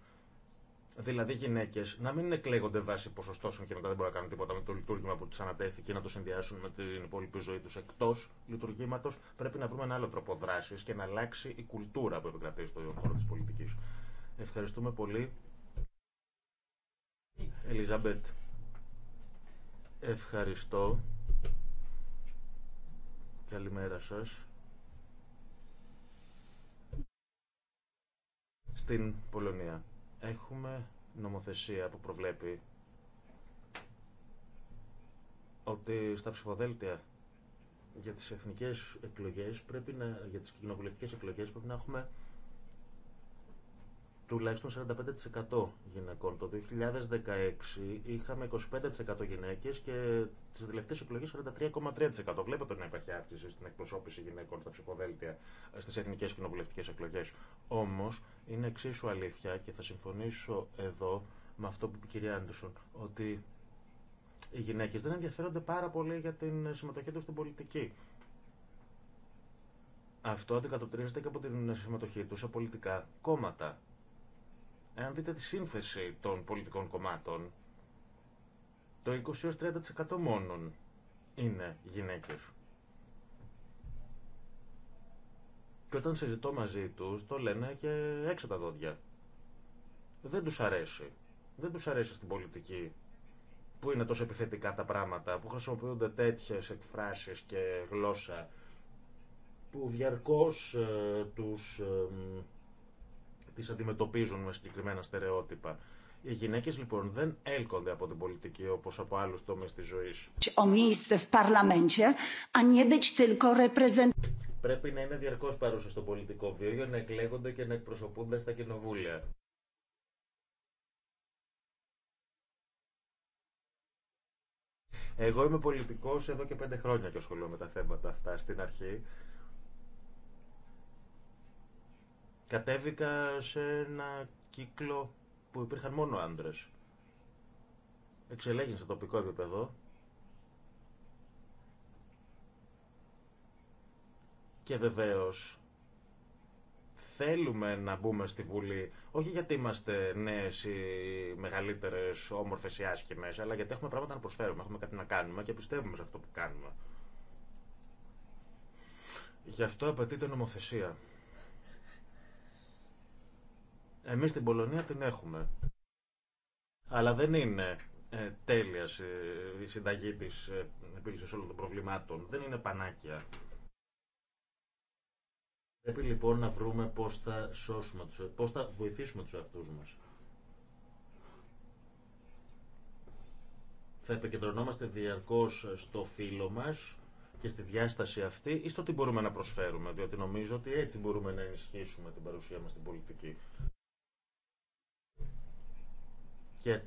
Δηλαδή, γυναίκε να μην εκλέγονται βάσει ποσοστώσεων και μετά δεν μπορούν να κάνουν τίποτα με το λειτουργήμα που του ανατέθηκε να το συνδυάσουν με την υπόλοιπη ζωή του εκτό λειτουργήματο. Πρέπει να βρούμε ένα άλλο τρόπο δράση και να αλλάξει η κουλτούρα που επικρατεί στον χώρο τη πολιτική. Ευχαριστούμε πολύ. Ελιζαμπέτ. Ευχαριστώ. Καλημέρα σας. Στην Πολωνία έχουμε νομοθεσία που προβλέπει ότι στα ψηφοδέλτια για τις εθνικές εκλογές πρέπει να, για τις κοινοβουλευτικές εκλογές πρέπει να έχουμε τουλάχιστον 45% γυναικών. Το 2016 είχαμε 25% γυναίκες και τις τελευταίες εκλογές 43,3%. Βλέπετε να υπάρχει αύξηση στην εκπροσώπηση γυναικών στα ψηφοδέλτια ε, στις εθνικές κοινοβουλευτικές εκλογές. Όμως είναι εξίσου αλήθεια και θα συμφωνήσω εδώ με αυτό που είπε η κυρία ότι οι γυναίκες δεν ενδιαφέρονται πάρα πολύ για την συμμετοχή τους στην πολιτική. Αυτό αντικατοπτρίζεται και από την συμμετοχή του σε πολιτικά κόμματα. Εάν δείτε τη σύνθεση των πολιτικών κομμάτων, το 20-30% μόνον είναι γυναίκες. Και όταν συζητώ μαζί τους, το λένε και έξω τα δόντια. Δεν τους αρέσει. Δεν τους αρέσει στην πολιτική που είναι τόσο επιθετικά τα πράγματα, που χρησιμοποιούνται τέτοιες εκφράσεις και γλώσσα, που διαρκώς ε, τους... Ε, τις αντιμετωπίζουν με συγκεκριμένα στερεότυπα. Οι γυναίκες λοιπόν δεν έλκονται από την πολιτική όπως από άλλους τομείς της ζωής. Ε, Πρέπει να είναι διαρκώς παρούσα στο πολιτικό βίο για να εκλέγονται και να εκπροσωπούνται στα κοινοβούλια. Εγώ είμαι πολιτικός εδώ και πέντε χρόνια και ασχολούμαι με τα θέματα αυτά στην αρχή. Κατέβηκα σε ένα κύκλο που υπήρχαν μόνο άντρες. Εξελέγησα σε τοπικό επίπεδο. Και βεβαίως θέλουμε να μπούμε στη Βουλή, όχι γιατί είμαστε νέε ή μεγαλύτερε, όμορφε ή άσχημε, αλλά γιατί έχουμε πράγματα να προσφέρουμε, έχουμε κάτι να κάνουμε και πιστεύουμε σε αυτό που κάνουμε. Γι' αυτό απαιτείται νομοθεσία. Εμείς στην Πολωνία την έχουμε. Αλλά δεν είναι ε, τέλεια ε, η συνταγή της ε, επίλυσης όλων των προβλημάτων. Δεν είναι πανάκια. Πρέπει λοιπόν να βρούμε πώς θα σώσουμε, πώς θα βοηθήσουμε τους αυτούς μας. Θα επικεντρωνόμαστε διαρκώς στο φίλο μας και στη διάσταση αυτή ή στο τι μπορούμε να προσφέρουμε, διότι νομίζω ότι έτσι μπορούμε να ενισχύσουμε την παρουσία μας στην πολιτική. Και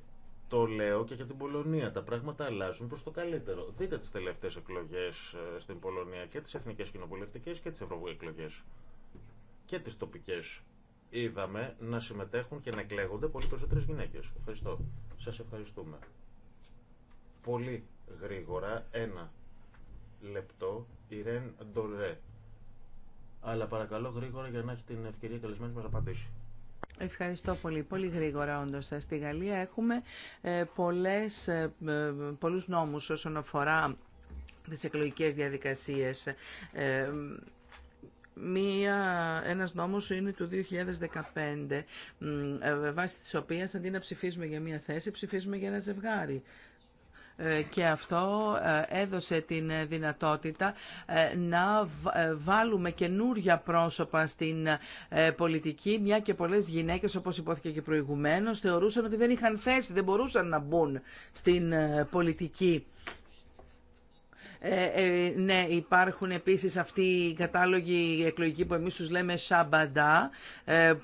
το λέω και για την Πολωνία. Τα πράγματα αλλάζουν προ το καλύτερο. Δείτε τι τελευταίε εκλογέ ε, στην Πολωνία και τι εθνικέ κοινοβουλευτικέ και τι εκλογέ Και τι τοπικέ. Είδαμε να συμμετέχουν και να εκλέγονται πολύ περισσότερε γυναίκε. Ευχαριστώ. Σα ευχαριστούμε. Πολύ γρήγορα, ένα λεπτό, η Ρεν Αλλά παρακαλώ γρήγορα για να έχει την ευκαιρία καλεσμένη μα απαντήσει. Ευχαριστώ πολύ. Πολύ γρήγορα όντω. Στη Γαλλία έχουμε ε, πολλές, ε, ε, πολλούς νόμους όσον αφορά τις εκλογικές διαδικασίες. Μία, ένας νόμος είναι του 2015, βάσει της οποίας αντί να ψηφίζουμε για μία θέση, ψηφίζουμε για ένα ζευγάρι ε, και αυτό ε, έδωσε την ε, δυνατότητα να βάλουμε καινούρια πρόσωπα στην πολιτική, μια και πολλές γυναίκες, όπως υπόθηκε και προηγουμένως, θεωρούσαν ότι δεν είχαν θέση, δεν μπορούσαν να μπουν στην πολιτική. ναι, υπάρχουν επίσης αυτοί οι κατάλογοι εκλογικοί που εμείς τους λέμε σαμπαντά,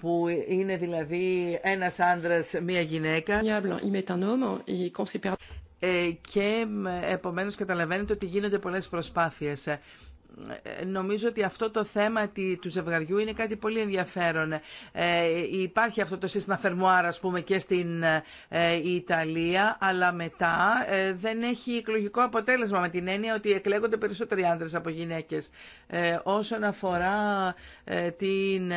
που είναι δηλαδή ένας άνδρας, μία γυναίκα. Ε, και επομένως καταλαβαίνετε ότι γίνονται πολλές προσπάθειες νομίζω ότι αυτό το θέμα του ζευγαριού είναι κάτι πολύ ενδιαφέρον. Ε, υπάρχει αυτό το σύστημα φερμουάρα, ας πούμε, και στην ε, Ιταλία, αλλά μετά ε, δεν έχει εκλογικό αποτέλεσμα με την έννοια ότι εκλέγονται περισσότεροι άνδρες από γυναίκες. Όσον αφορά την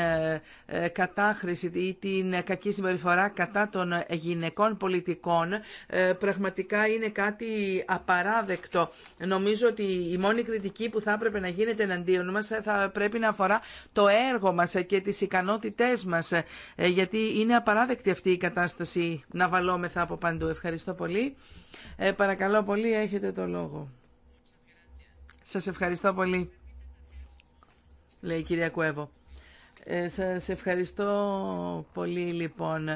κατάχρηση ή την κακή συμπεριφορά κατά των γυναικών πολιτικών, πραγματικά είναι κάτι απαράδεκτο. Νομίζω ότι η μόνη κριτική που θα έπρεπε να γίνεται εναντίον μας ε, θα πρέπει να αφορά το έργο μας ε, και τις ικανότητές μας ε, γιατί είναι απαράδεκτη αυτή η κατάσταση να βαλόμεθα από παντού. Ευχαριστώ πολύ. Ε, παρακαλώ πολύ, έχετε το λόγο. Σας ευχαριστώ πολύ, λέει η κυρία Κουέβο. Ε, σας ευχαριστώ πολύ, λοιπόν.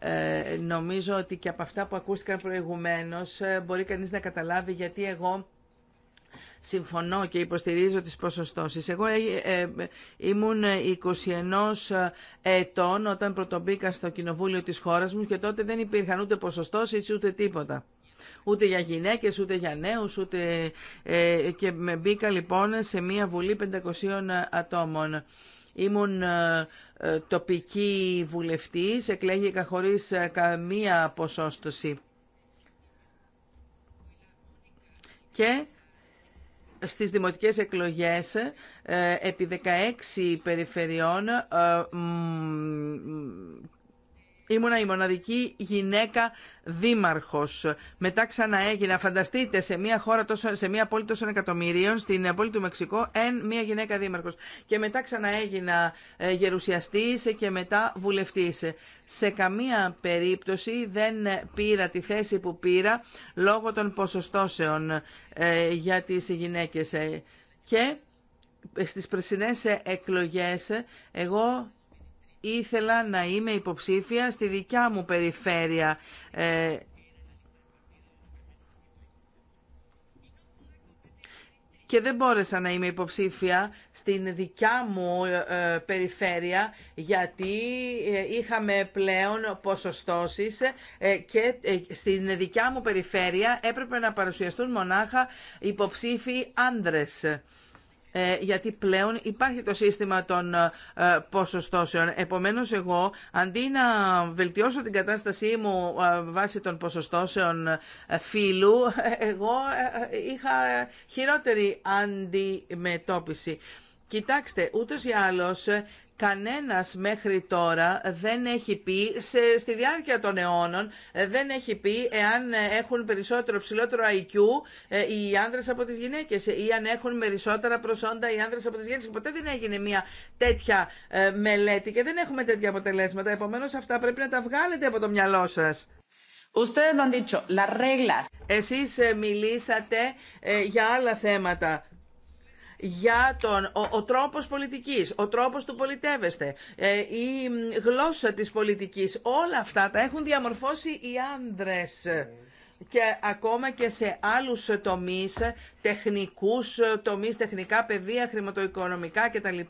Ε, νομίζω ότι και από αυτά που ακούστηκαν προηγουμένως μπορεί κανείς να καταλάβει γιατί εγώ συμφωνώ και υποστηρίζω τις ποσοστώσεις. Εγώ ε, ε, ήμουν 21 ε, ετών όταν πρωτομπήκα στο κοινοβούλιο της χώρας μου και τότε δεν υπήρχαν ούτε ποσοστώσεις ούτε τίποτα. Ούτε για γυναίκες, ούτε για νέους, ούτε... και με μπήκα λοιπόν σε μια βουλή 500 ατόμων. Ήμουν τοπική βουλευτής, εκλέγηκα χωρίς καμία ποσόστοση. Και στις δημοτικές εκλογές ε, επί 16 περιφερειών ε, Ήμουνα η μοναδική γυναίκα δήμαρχος. Μετά ξαναέγινα, φανταστείτε, σε μια, χώρα τόσο, σε μια πόλη τόσων εκατομμυρίων, στην πόλη του Μεξικό, εν μια γυναίκα δήμαρχος. Και μετά ξαναέγινα έγινα ε, γερουσιαστής και μετά βουλευτής. Σε καμία περίπτωση δεν ε, πήρα τη θέση που πήρα λόγω των ποσοστώσεων ε, για τις γυναίκες. Και στις πρεσινές εκλογές εγώ ήθελα να είμαι υποψήφια στη δικιά μου περιφέρεια. Ε, και δεν μπόρεσα να είμαι υποψήφια στην δικιά μου ε, ε, περιφέρεια γιατί είχαμε πλέον ποσοστώσεις και στην δικιά μου περιφέρεια έπρεπε να παρουσιαστούν μονάχα υποψήφοι άντρες. Ε, γιατί πλέον υπάρχει το σύστημα των ε, ποσοστώσεων. Επομένως, εγώ, αντί να βελτιώσω την κατάστασή μου ε, βάσει των ποσοστώσεων φύλου, εγώ είχα χειρότερη αντιμετώπιση. Κοιτάξτε, ούτως ή άλλως Κανένας μέχρι τώρα δεν έχει πει, στη διάρκεια των αιώνων, ε, δεν έχει πει εάν ε, έχουν περισσότερο ψηλότερο IQ ε, οι άνδρες από τις γυναίκες ή αν έχουν περισσότερα προσόντα οι άνδρες από τις γυναίκες. Ποτέ δεν έγινε μια τέτοια μελέτη και δεν έχουμε τέτοια αποτελέσματα. Επομένως αυτά πρέπει να τα βγάλετε από το μυαλό σας. Ustedes Εσείς μιλήσατε για άλλα θέματα για τον, ο, ο τρόπος πολιτικής, ο τρόπος του πολιτεύεστε, ε, η γλώσσα της πολιτικής, όλα αυτά τα έχουν διαμορφώσει οι άνδρες και ακόμα και σε άλλους τομείς, τεχνικούς τομείς, τεχνικά παιδεία, χρηματοοικονομικά κτλ.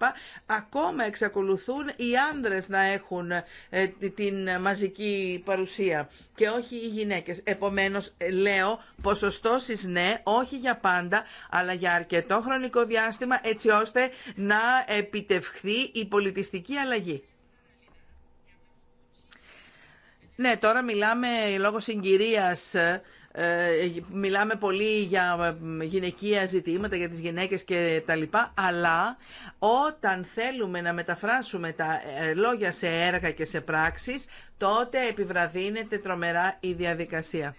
Ακόμα εξακολουθούν οι άνδρες να έχουν ε, την μαζική παρουσία και όχι οι γυναίκες. Επομένως, λέω, ποσοστώσεις ναι, όχι για πάντα, αλλά για αρκετό χρονικό διάστημα, έτσι ώστε να επιτευχθεί η πολιτιστική αλλαγή. Ναι, τώρα μιλάμε λόγω συγκυρίας ε, μιλάμε πολύ για ε, γυναικεία ζητήματα, για τις γυναίκες και τα λοιπά, αλλά όταν θέλουμε να μεταφράσουμε τα ε, λόγια σε έργα και σε πράξεις, τότε επιβραδύνεται τρομερά η διαδικασία.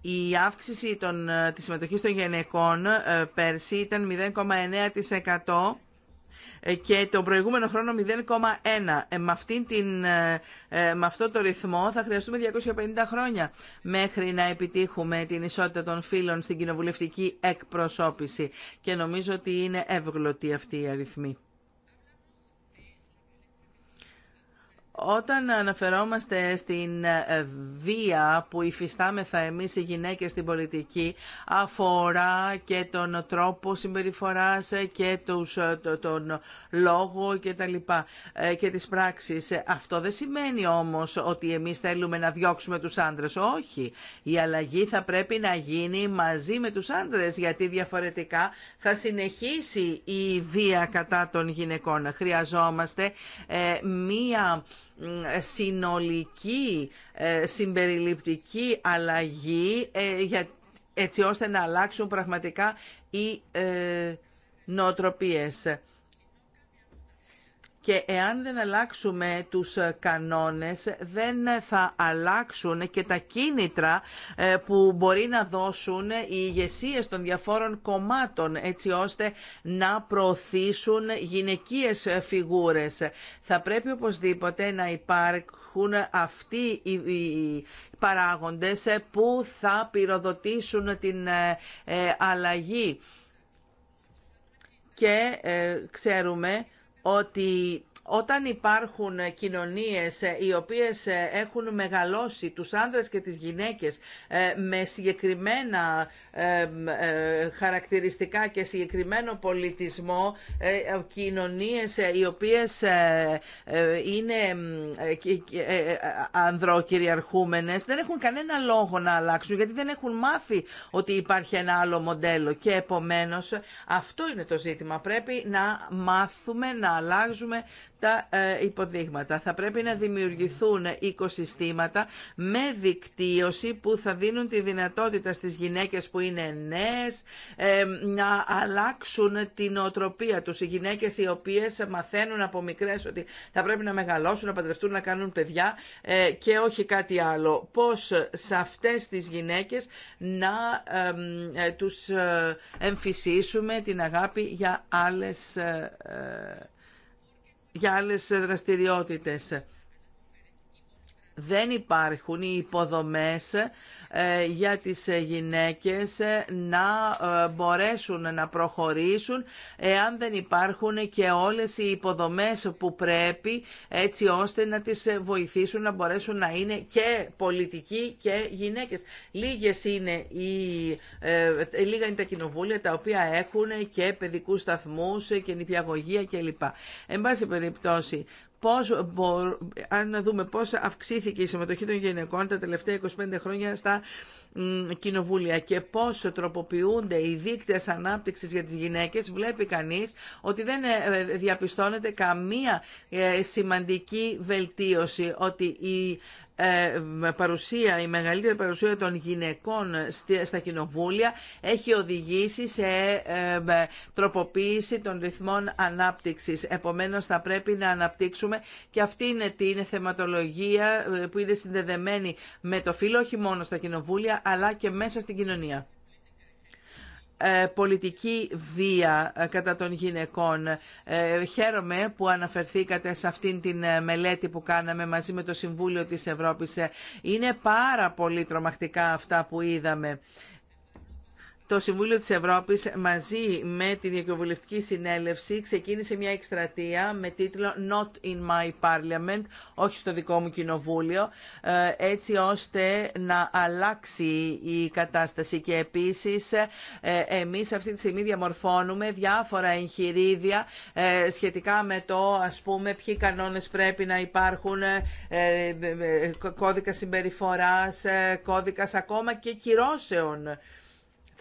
η αύξηση των, της συμμετοχής των γυναικών πέρσι ήταν 0,9% ε, και τον προηγούμενο χρόνο 0,1. Ε, με, αυτήν την, ε, με αυτό το ρυθμό θα χρειαστούμε 250 χρόνια μέχρι να επιτύχουμε την ισότητα των φύλων στην κοινοβουλευτική εκπροσώπηση. Και νομίζω ότι είναι εύγλωτη αυτή η αριθμή. Όταν αναφερόμαστε στην ε, βία που υφιστάμεθα εμείς οι γυναίκες στην πολιτική αφορά και τον τρόπο συμπεριφοράς ε, και ε, τον λόγο και τα λοιπά και τις πράξεις. Αυτό δεν σημαίνει όμως ότι εμείς θέλουμε να διώξουμε τους άντρες. Όχι. Η αλλαγή θα πρέπει να γίνει μαζί με τους άντρες γιατί διαφορετικά θα συνεχίσει η βία κατά των γυναικών. Χρειαζόμαστε μία ε, συνολική ε, συμπεριληπτική αλλαγή ε, έτσι ώστε να αλλάξουν πραγματικά οι νοοτροπίες και εάν δεν αλλάξουμε τους ε, κανόνες δεν θα αλλάξουν και τα κίνητρα ε, που μπορεί να δώσουν οι ηγεσίες των διαφόρων κομμάτων έτσι ώστε να προωθήσουν γυναικείες ε, φιγούρες. Θα πρέπει οπωσδήποτε να υπάρχουν αυτοί οι παράγοντες που θα πυροδοτήσουν την αλλαγή. Και ξέρουμε ότι όταν υπάρχουν κοινωνίες ε, οι οποίες ε, έχουν μεγαλώσει τους άνδρες και τις γυναίκες ε, με συγκεκριμένα χαρακτηριστικά και συγκεκριμένο πολιτισμό, κοινωνίες οι οποίες είναι ανδροκυριαρχούμενες, δεν έχουν κανένα λόγο να αλλάξουν γιατί δεν έχουν μάθει ότι υπάρχει ένα άλλο μοντέλο και επομένως αυτό είναι το ζήτημα. Πρέπει να μάθουμε να αλλάζουμε τα ε, υποδείγματα. Θα πρέπει να δημιουργηθούν οικοσυστήματα με δικτύωση που θα δίνουν τη δυνατότητα στις γυναίκες που είναι νέες ε, να αλλάξουν την οτροπία τους. Οι γυναίκες οι οποίες μαθαίνουν από μικρές ότι θα πρέπει να μεγαλώσουν, να παντρευτούν, να κάνουν παιδιά ε, και όχι κάτι άλλο. Πώς σε αυτές τις γυναίκες να τους εμφυσίσουμε την αγάπη για άλλες για άλλες δραστηριότητες δεν υπάρχουν οι υποδομές ε, για τις ε, γυναίκες ε, να μπορέσουν να προχωρήσουν εάν δεν υπάρχουν και όλες οι υποδομές που πρέπει έτσι ώστε να τις βοηθήσουν να μπορέσουν να είναι και πολιτικοί και γυναίκες. Λίγες είναι οι, λίγα είναι τα κοινοβούλια τα οποία έχουν και παιδικούς σταθμούς και νηπιαγωγία κλπ. Εν πάση περιπτώσει πώς, αν δούμε πώς αυξήθηκε η συμμετοχή των γυναικών τα τελευταία 25 χρόνια στα κοινοβούλια και πώς τροποποιούνται οι δίκτυες ανάπτυξης για τις γυναίκες, βλέπει κανείς ότι δεν ε, ε, διαπιστώνεται καμία ε, σημαντική βελτίωση, ότι οι ε, παρουσία, η μεγαλύτερη παρουσία των γυναικών στα κοινοβούλια έχει οδηγήσει σε ε, τροποποίηση των ρυθμών ανάπτυξης. Επομένως θα πρέπει να αναπτύξουμε και αυτή είναι την θεματολογία ε, που είναι συνδεδεμένη με το φύλλο όχι μόνο στα κοινοβούλια αλλά και μέσα στην κοινωνία. Ε, πολιτική βία ε, κατά των γυναικών. Ε, χαίρομαι που αναφερθήκατε σε αυτήν την μελέτη που κάναμε μαζί με το Συμβούλιο της Ευρώπης. Είναι πάρα πολύ τρομακτικά αυτά που είδαμε το Συμβούλιο της Ευρώπης μαζί με τη Διακοβουλευτική Συνέλευση ξεκίνησε μια εκστρατεία με τίτλο Not in my Parliament, όχι στο δικό μου κοινοβούλιο, ε, έτσι ώστε να αλλάξει η κατάσταση. Και επίσης ε, εμείς αυτή τη στιγμή διαμορφώνουμε διάφορα εγχειρίδια ε, σχετικά με το ας πούμε ποιοι κανόνες πρέπει να υπάρχουν, κώδικα συμπεριφοράς, κώδικας ακόμα και κυρώσεων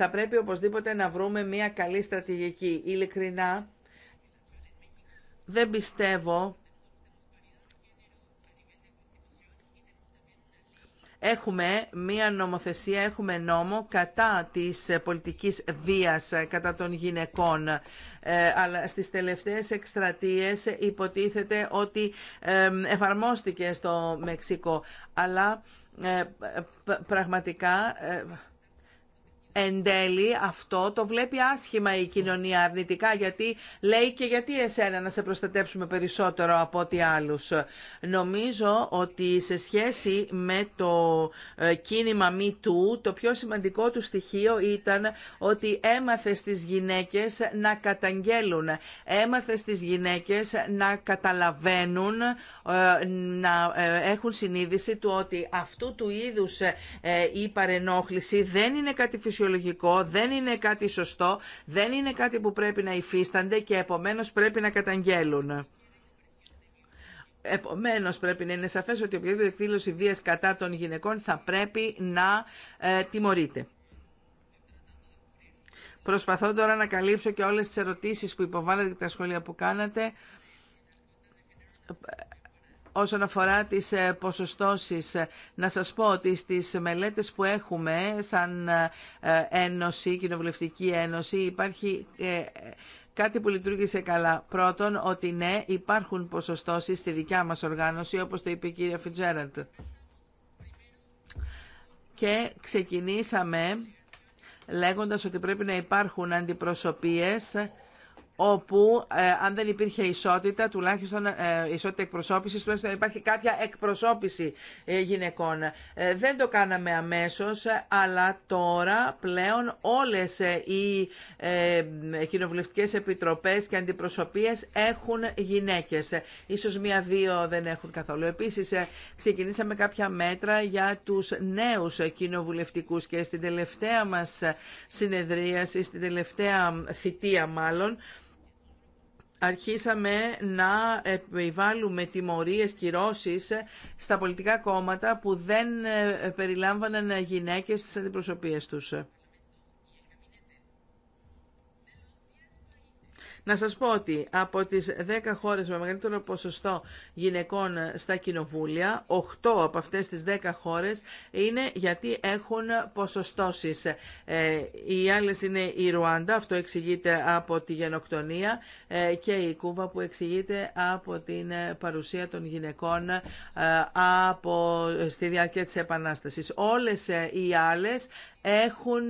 θα πρέπει οπωσδήποτε να βρούμε μια καλή στρατηγική. Ειλικρινά, δεν πιστεύω έχουμε μία νομοθεσία, έχουμε νόμο κατά της πολιτικής βίας κατά των γυναικών. Ε, αλλά στις τελευταίες εκστρατείες υποτίθεται ότι εφαρμόστηκε στο Μεξικό. Αλλά ε, πραγματικά... Ε, εν τέλει αυτό το βλέπει άσχημα η κοινωνία αρνητικά γιατί λέει και γιατί εσένα να σε προστατέψουμε περισσότερο από ό,τι άλλους. Νομίζω ότι σε σχέση με το ε, κίνημα Me το πιο σημαντικό του στοιχείο ήταν ότι έμαθε στις γυναίκες να καταγγέλουν, έμαθε στις γυναίκες να καταλαβαίνουν, ε, να ε, έχουν συνείδηση του ότι αυτού του είδους η παρενόχληση δεν είναι κάτι φυσιολογικό δεν είναι κάτι σωστό, δεν είναι κάτι που πρέπει να υφίστανται και επομένως πρέπει να καταγγέλουν. Επομένως πρέπει να είναι σαφές ότι οποιαδήποτε εκδήλωση βίας κατά των γυναικών θα πρέπει να ε, τιμωρείται. Προσπαθώ τώρα να καλύψω και όλες τις ερωτήσεις που υποβάλλατε και τα σχόλια που κάνατε όσον αφορά τις ε, ποσοστώσεις. Ε, να σας πω ότι στις μελέτες που έχουμε σαν ε, Ένωση, Κοινοβουλευτική Ένωση, υπάρχει κάτι που λειτουργήσε καλά. Πρώτον, ότι ναι, υπάρχουν ποσοστώσεις στη δικιά μας οργάνωση, όπως το είπε η κυρία Φιτζέραντ. Και ξεκινήσαμε λέγοντας ότι πρέπει να υπάρχουν αντιπροσωπείες όπου ε, αν δεν υπήρχε ισότητα, τουλάχιστον ε, ισότητα εκπροσώπησης, τουλάχιστον υπάρχει κάποια εκπροσώπηση ε, γυναικών. Ε, δεν το κάναμε αμέσως, αλλά τώρα πλέον όλες οι κοινοβουλευτικές επιτροπές και αντιπροσωπείες έχουν γυναίκες. Ίσως μία-δύο δεν έχουν καθόλου. Επίσης, ξεκινήσαμε κάποια μέτρα για τους νέους κοινοβουλευτικούς και στην τελευταία μας συνεδρίαση, στην τελευταία θητεία μάλλον, αρχίσαμε να επιβάλλουμε τιμωρίες, κυρώσεις στα πολιτικά κόμματα που δεν ε, περιλάμβαναν γυναίκες στις αντιπροσωπείες τους. Να σας πω ότι από τις 10 χώρες με μεγαλύτερο ποσοστό γυναικών στα κοινοβούλια, 8 από αυτές τις 10 χώρες είναι γιατί έχουν ποσοστώσεις. Ε, οι άλλες είναι η Ρουάντα, αυτό εξηγείται από τη γενοκτονία, ε, και η Κούβα που εξηγείται από την παρουσία των γυναικών ε, από, στη διάρκεια της Επανάστασης. Όλες οι άλλες έχουν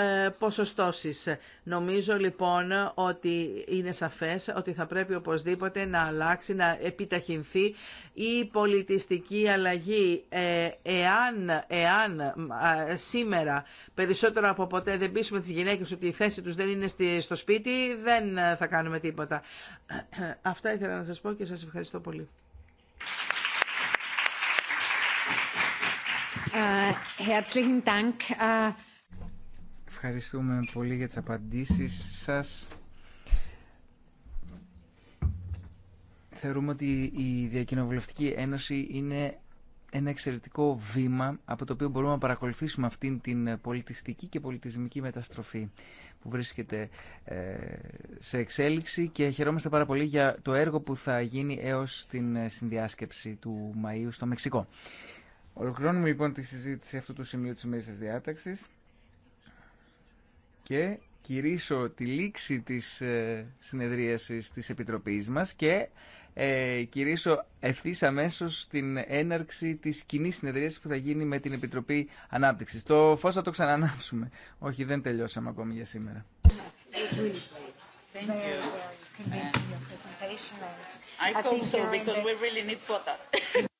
ε, ποσοστώσεις. Νομίζω λοιπόν ότι είναι σαφές ότι θα πρέπει οπωσδήποτε να αλλάξει, να επιταχυνθεί η πολιτιστική αλλαγή. Ε, εάν, εάν σήμερα περισσότερο από ποτέ δεν πείσουμε τις γυναίκες ότι η θέση τους δεν είναι στο σπίτι, δεν θα κάνουμε τίποτα. <clears throat> Αυτά ήθελα να σας πω και σας ευχαριστώ πολύ. Ε, herzlichen Dank. Ευχαριστούμε πολύ για τις απαντήσεις σας. Θεωρούμε ότι η Διακοινοβουλευτική Ένωση είναι ένα εξαιρετικό βήμα από το οποίο μπορούμε να παρακολουθήσουμε αυτήν την πολιτιστική και πολιτισμική μεταστροφή που βρίσκεται ε, σε εξέλιξη και χαιρόμαστε πάρα πολύ για το έργο που θα γίνει έως την συνδιάσκεψη του Μαΐου στο Μεξικό. Ολοκληρώνουμε λοιπόν τη συζήτηση αυτού του σημείου της ημέρας της διάταξης και κηρύσω τη λήξη της ε, συνεδρίασης της Επιτροπής μας και ε, κηρύσω ευθύ αμέσω την έναρξη τη κοινή συνεδρίασης που θα γίνει με την Επιτροπή Ανάπτυξη. Το φως θα το ξανανάψουμε. Όχι, δεν τελειώσαμε ακόμη για σήμερα. <laughs>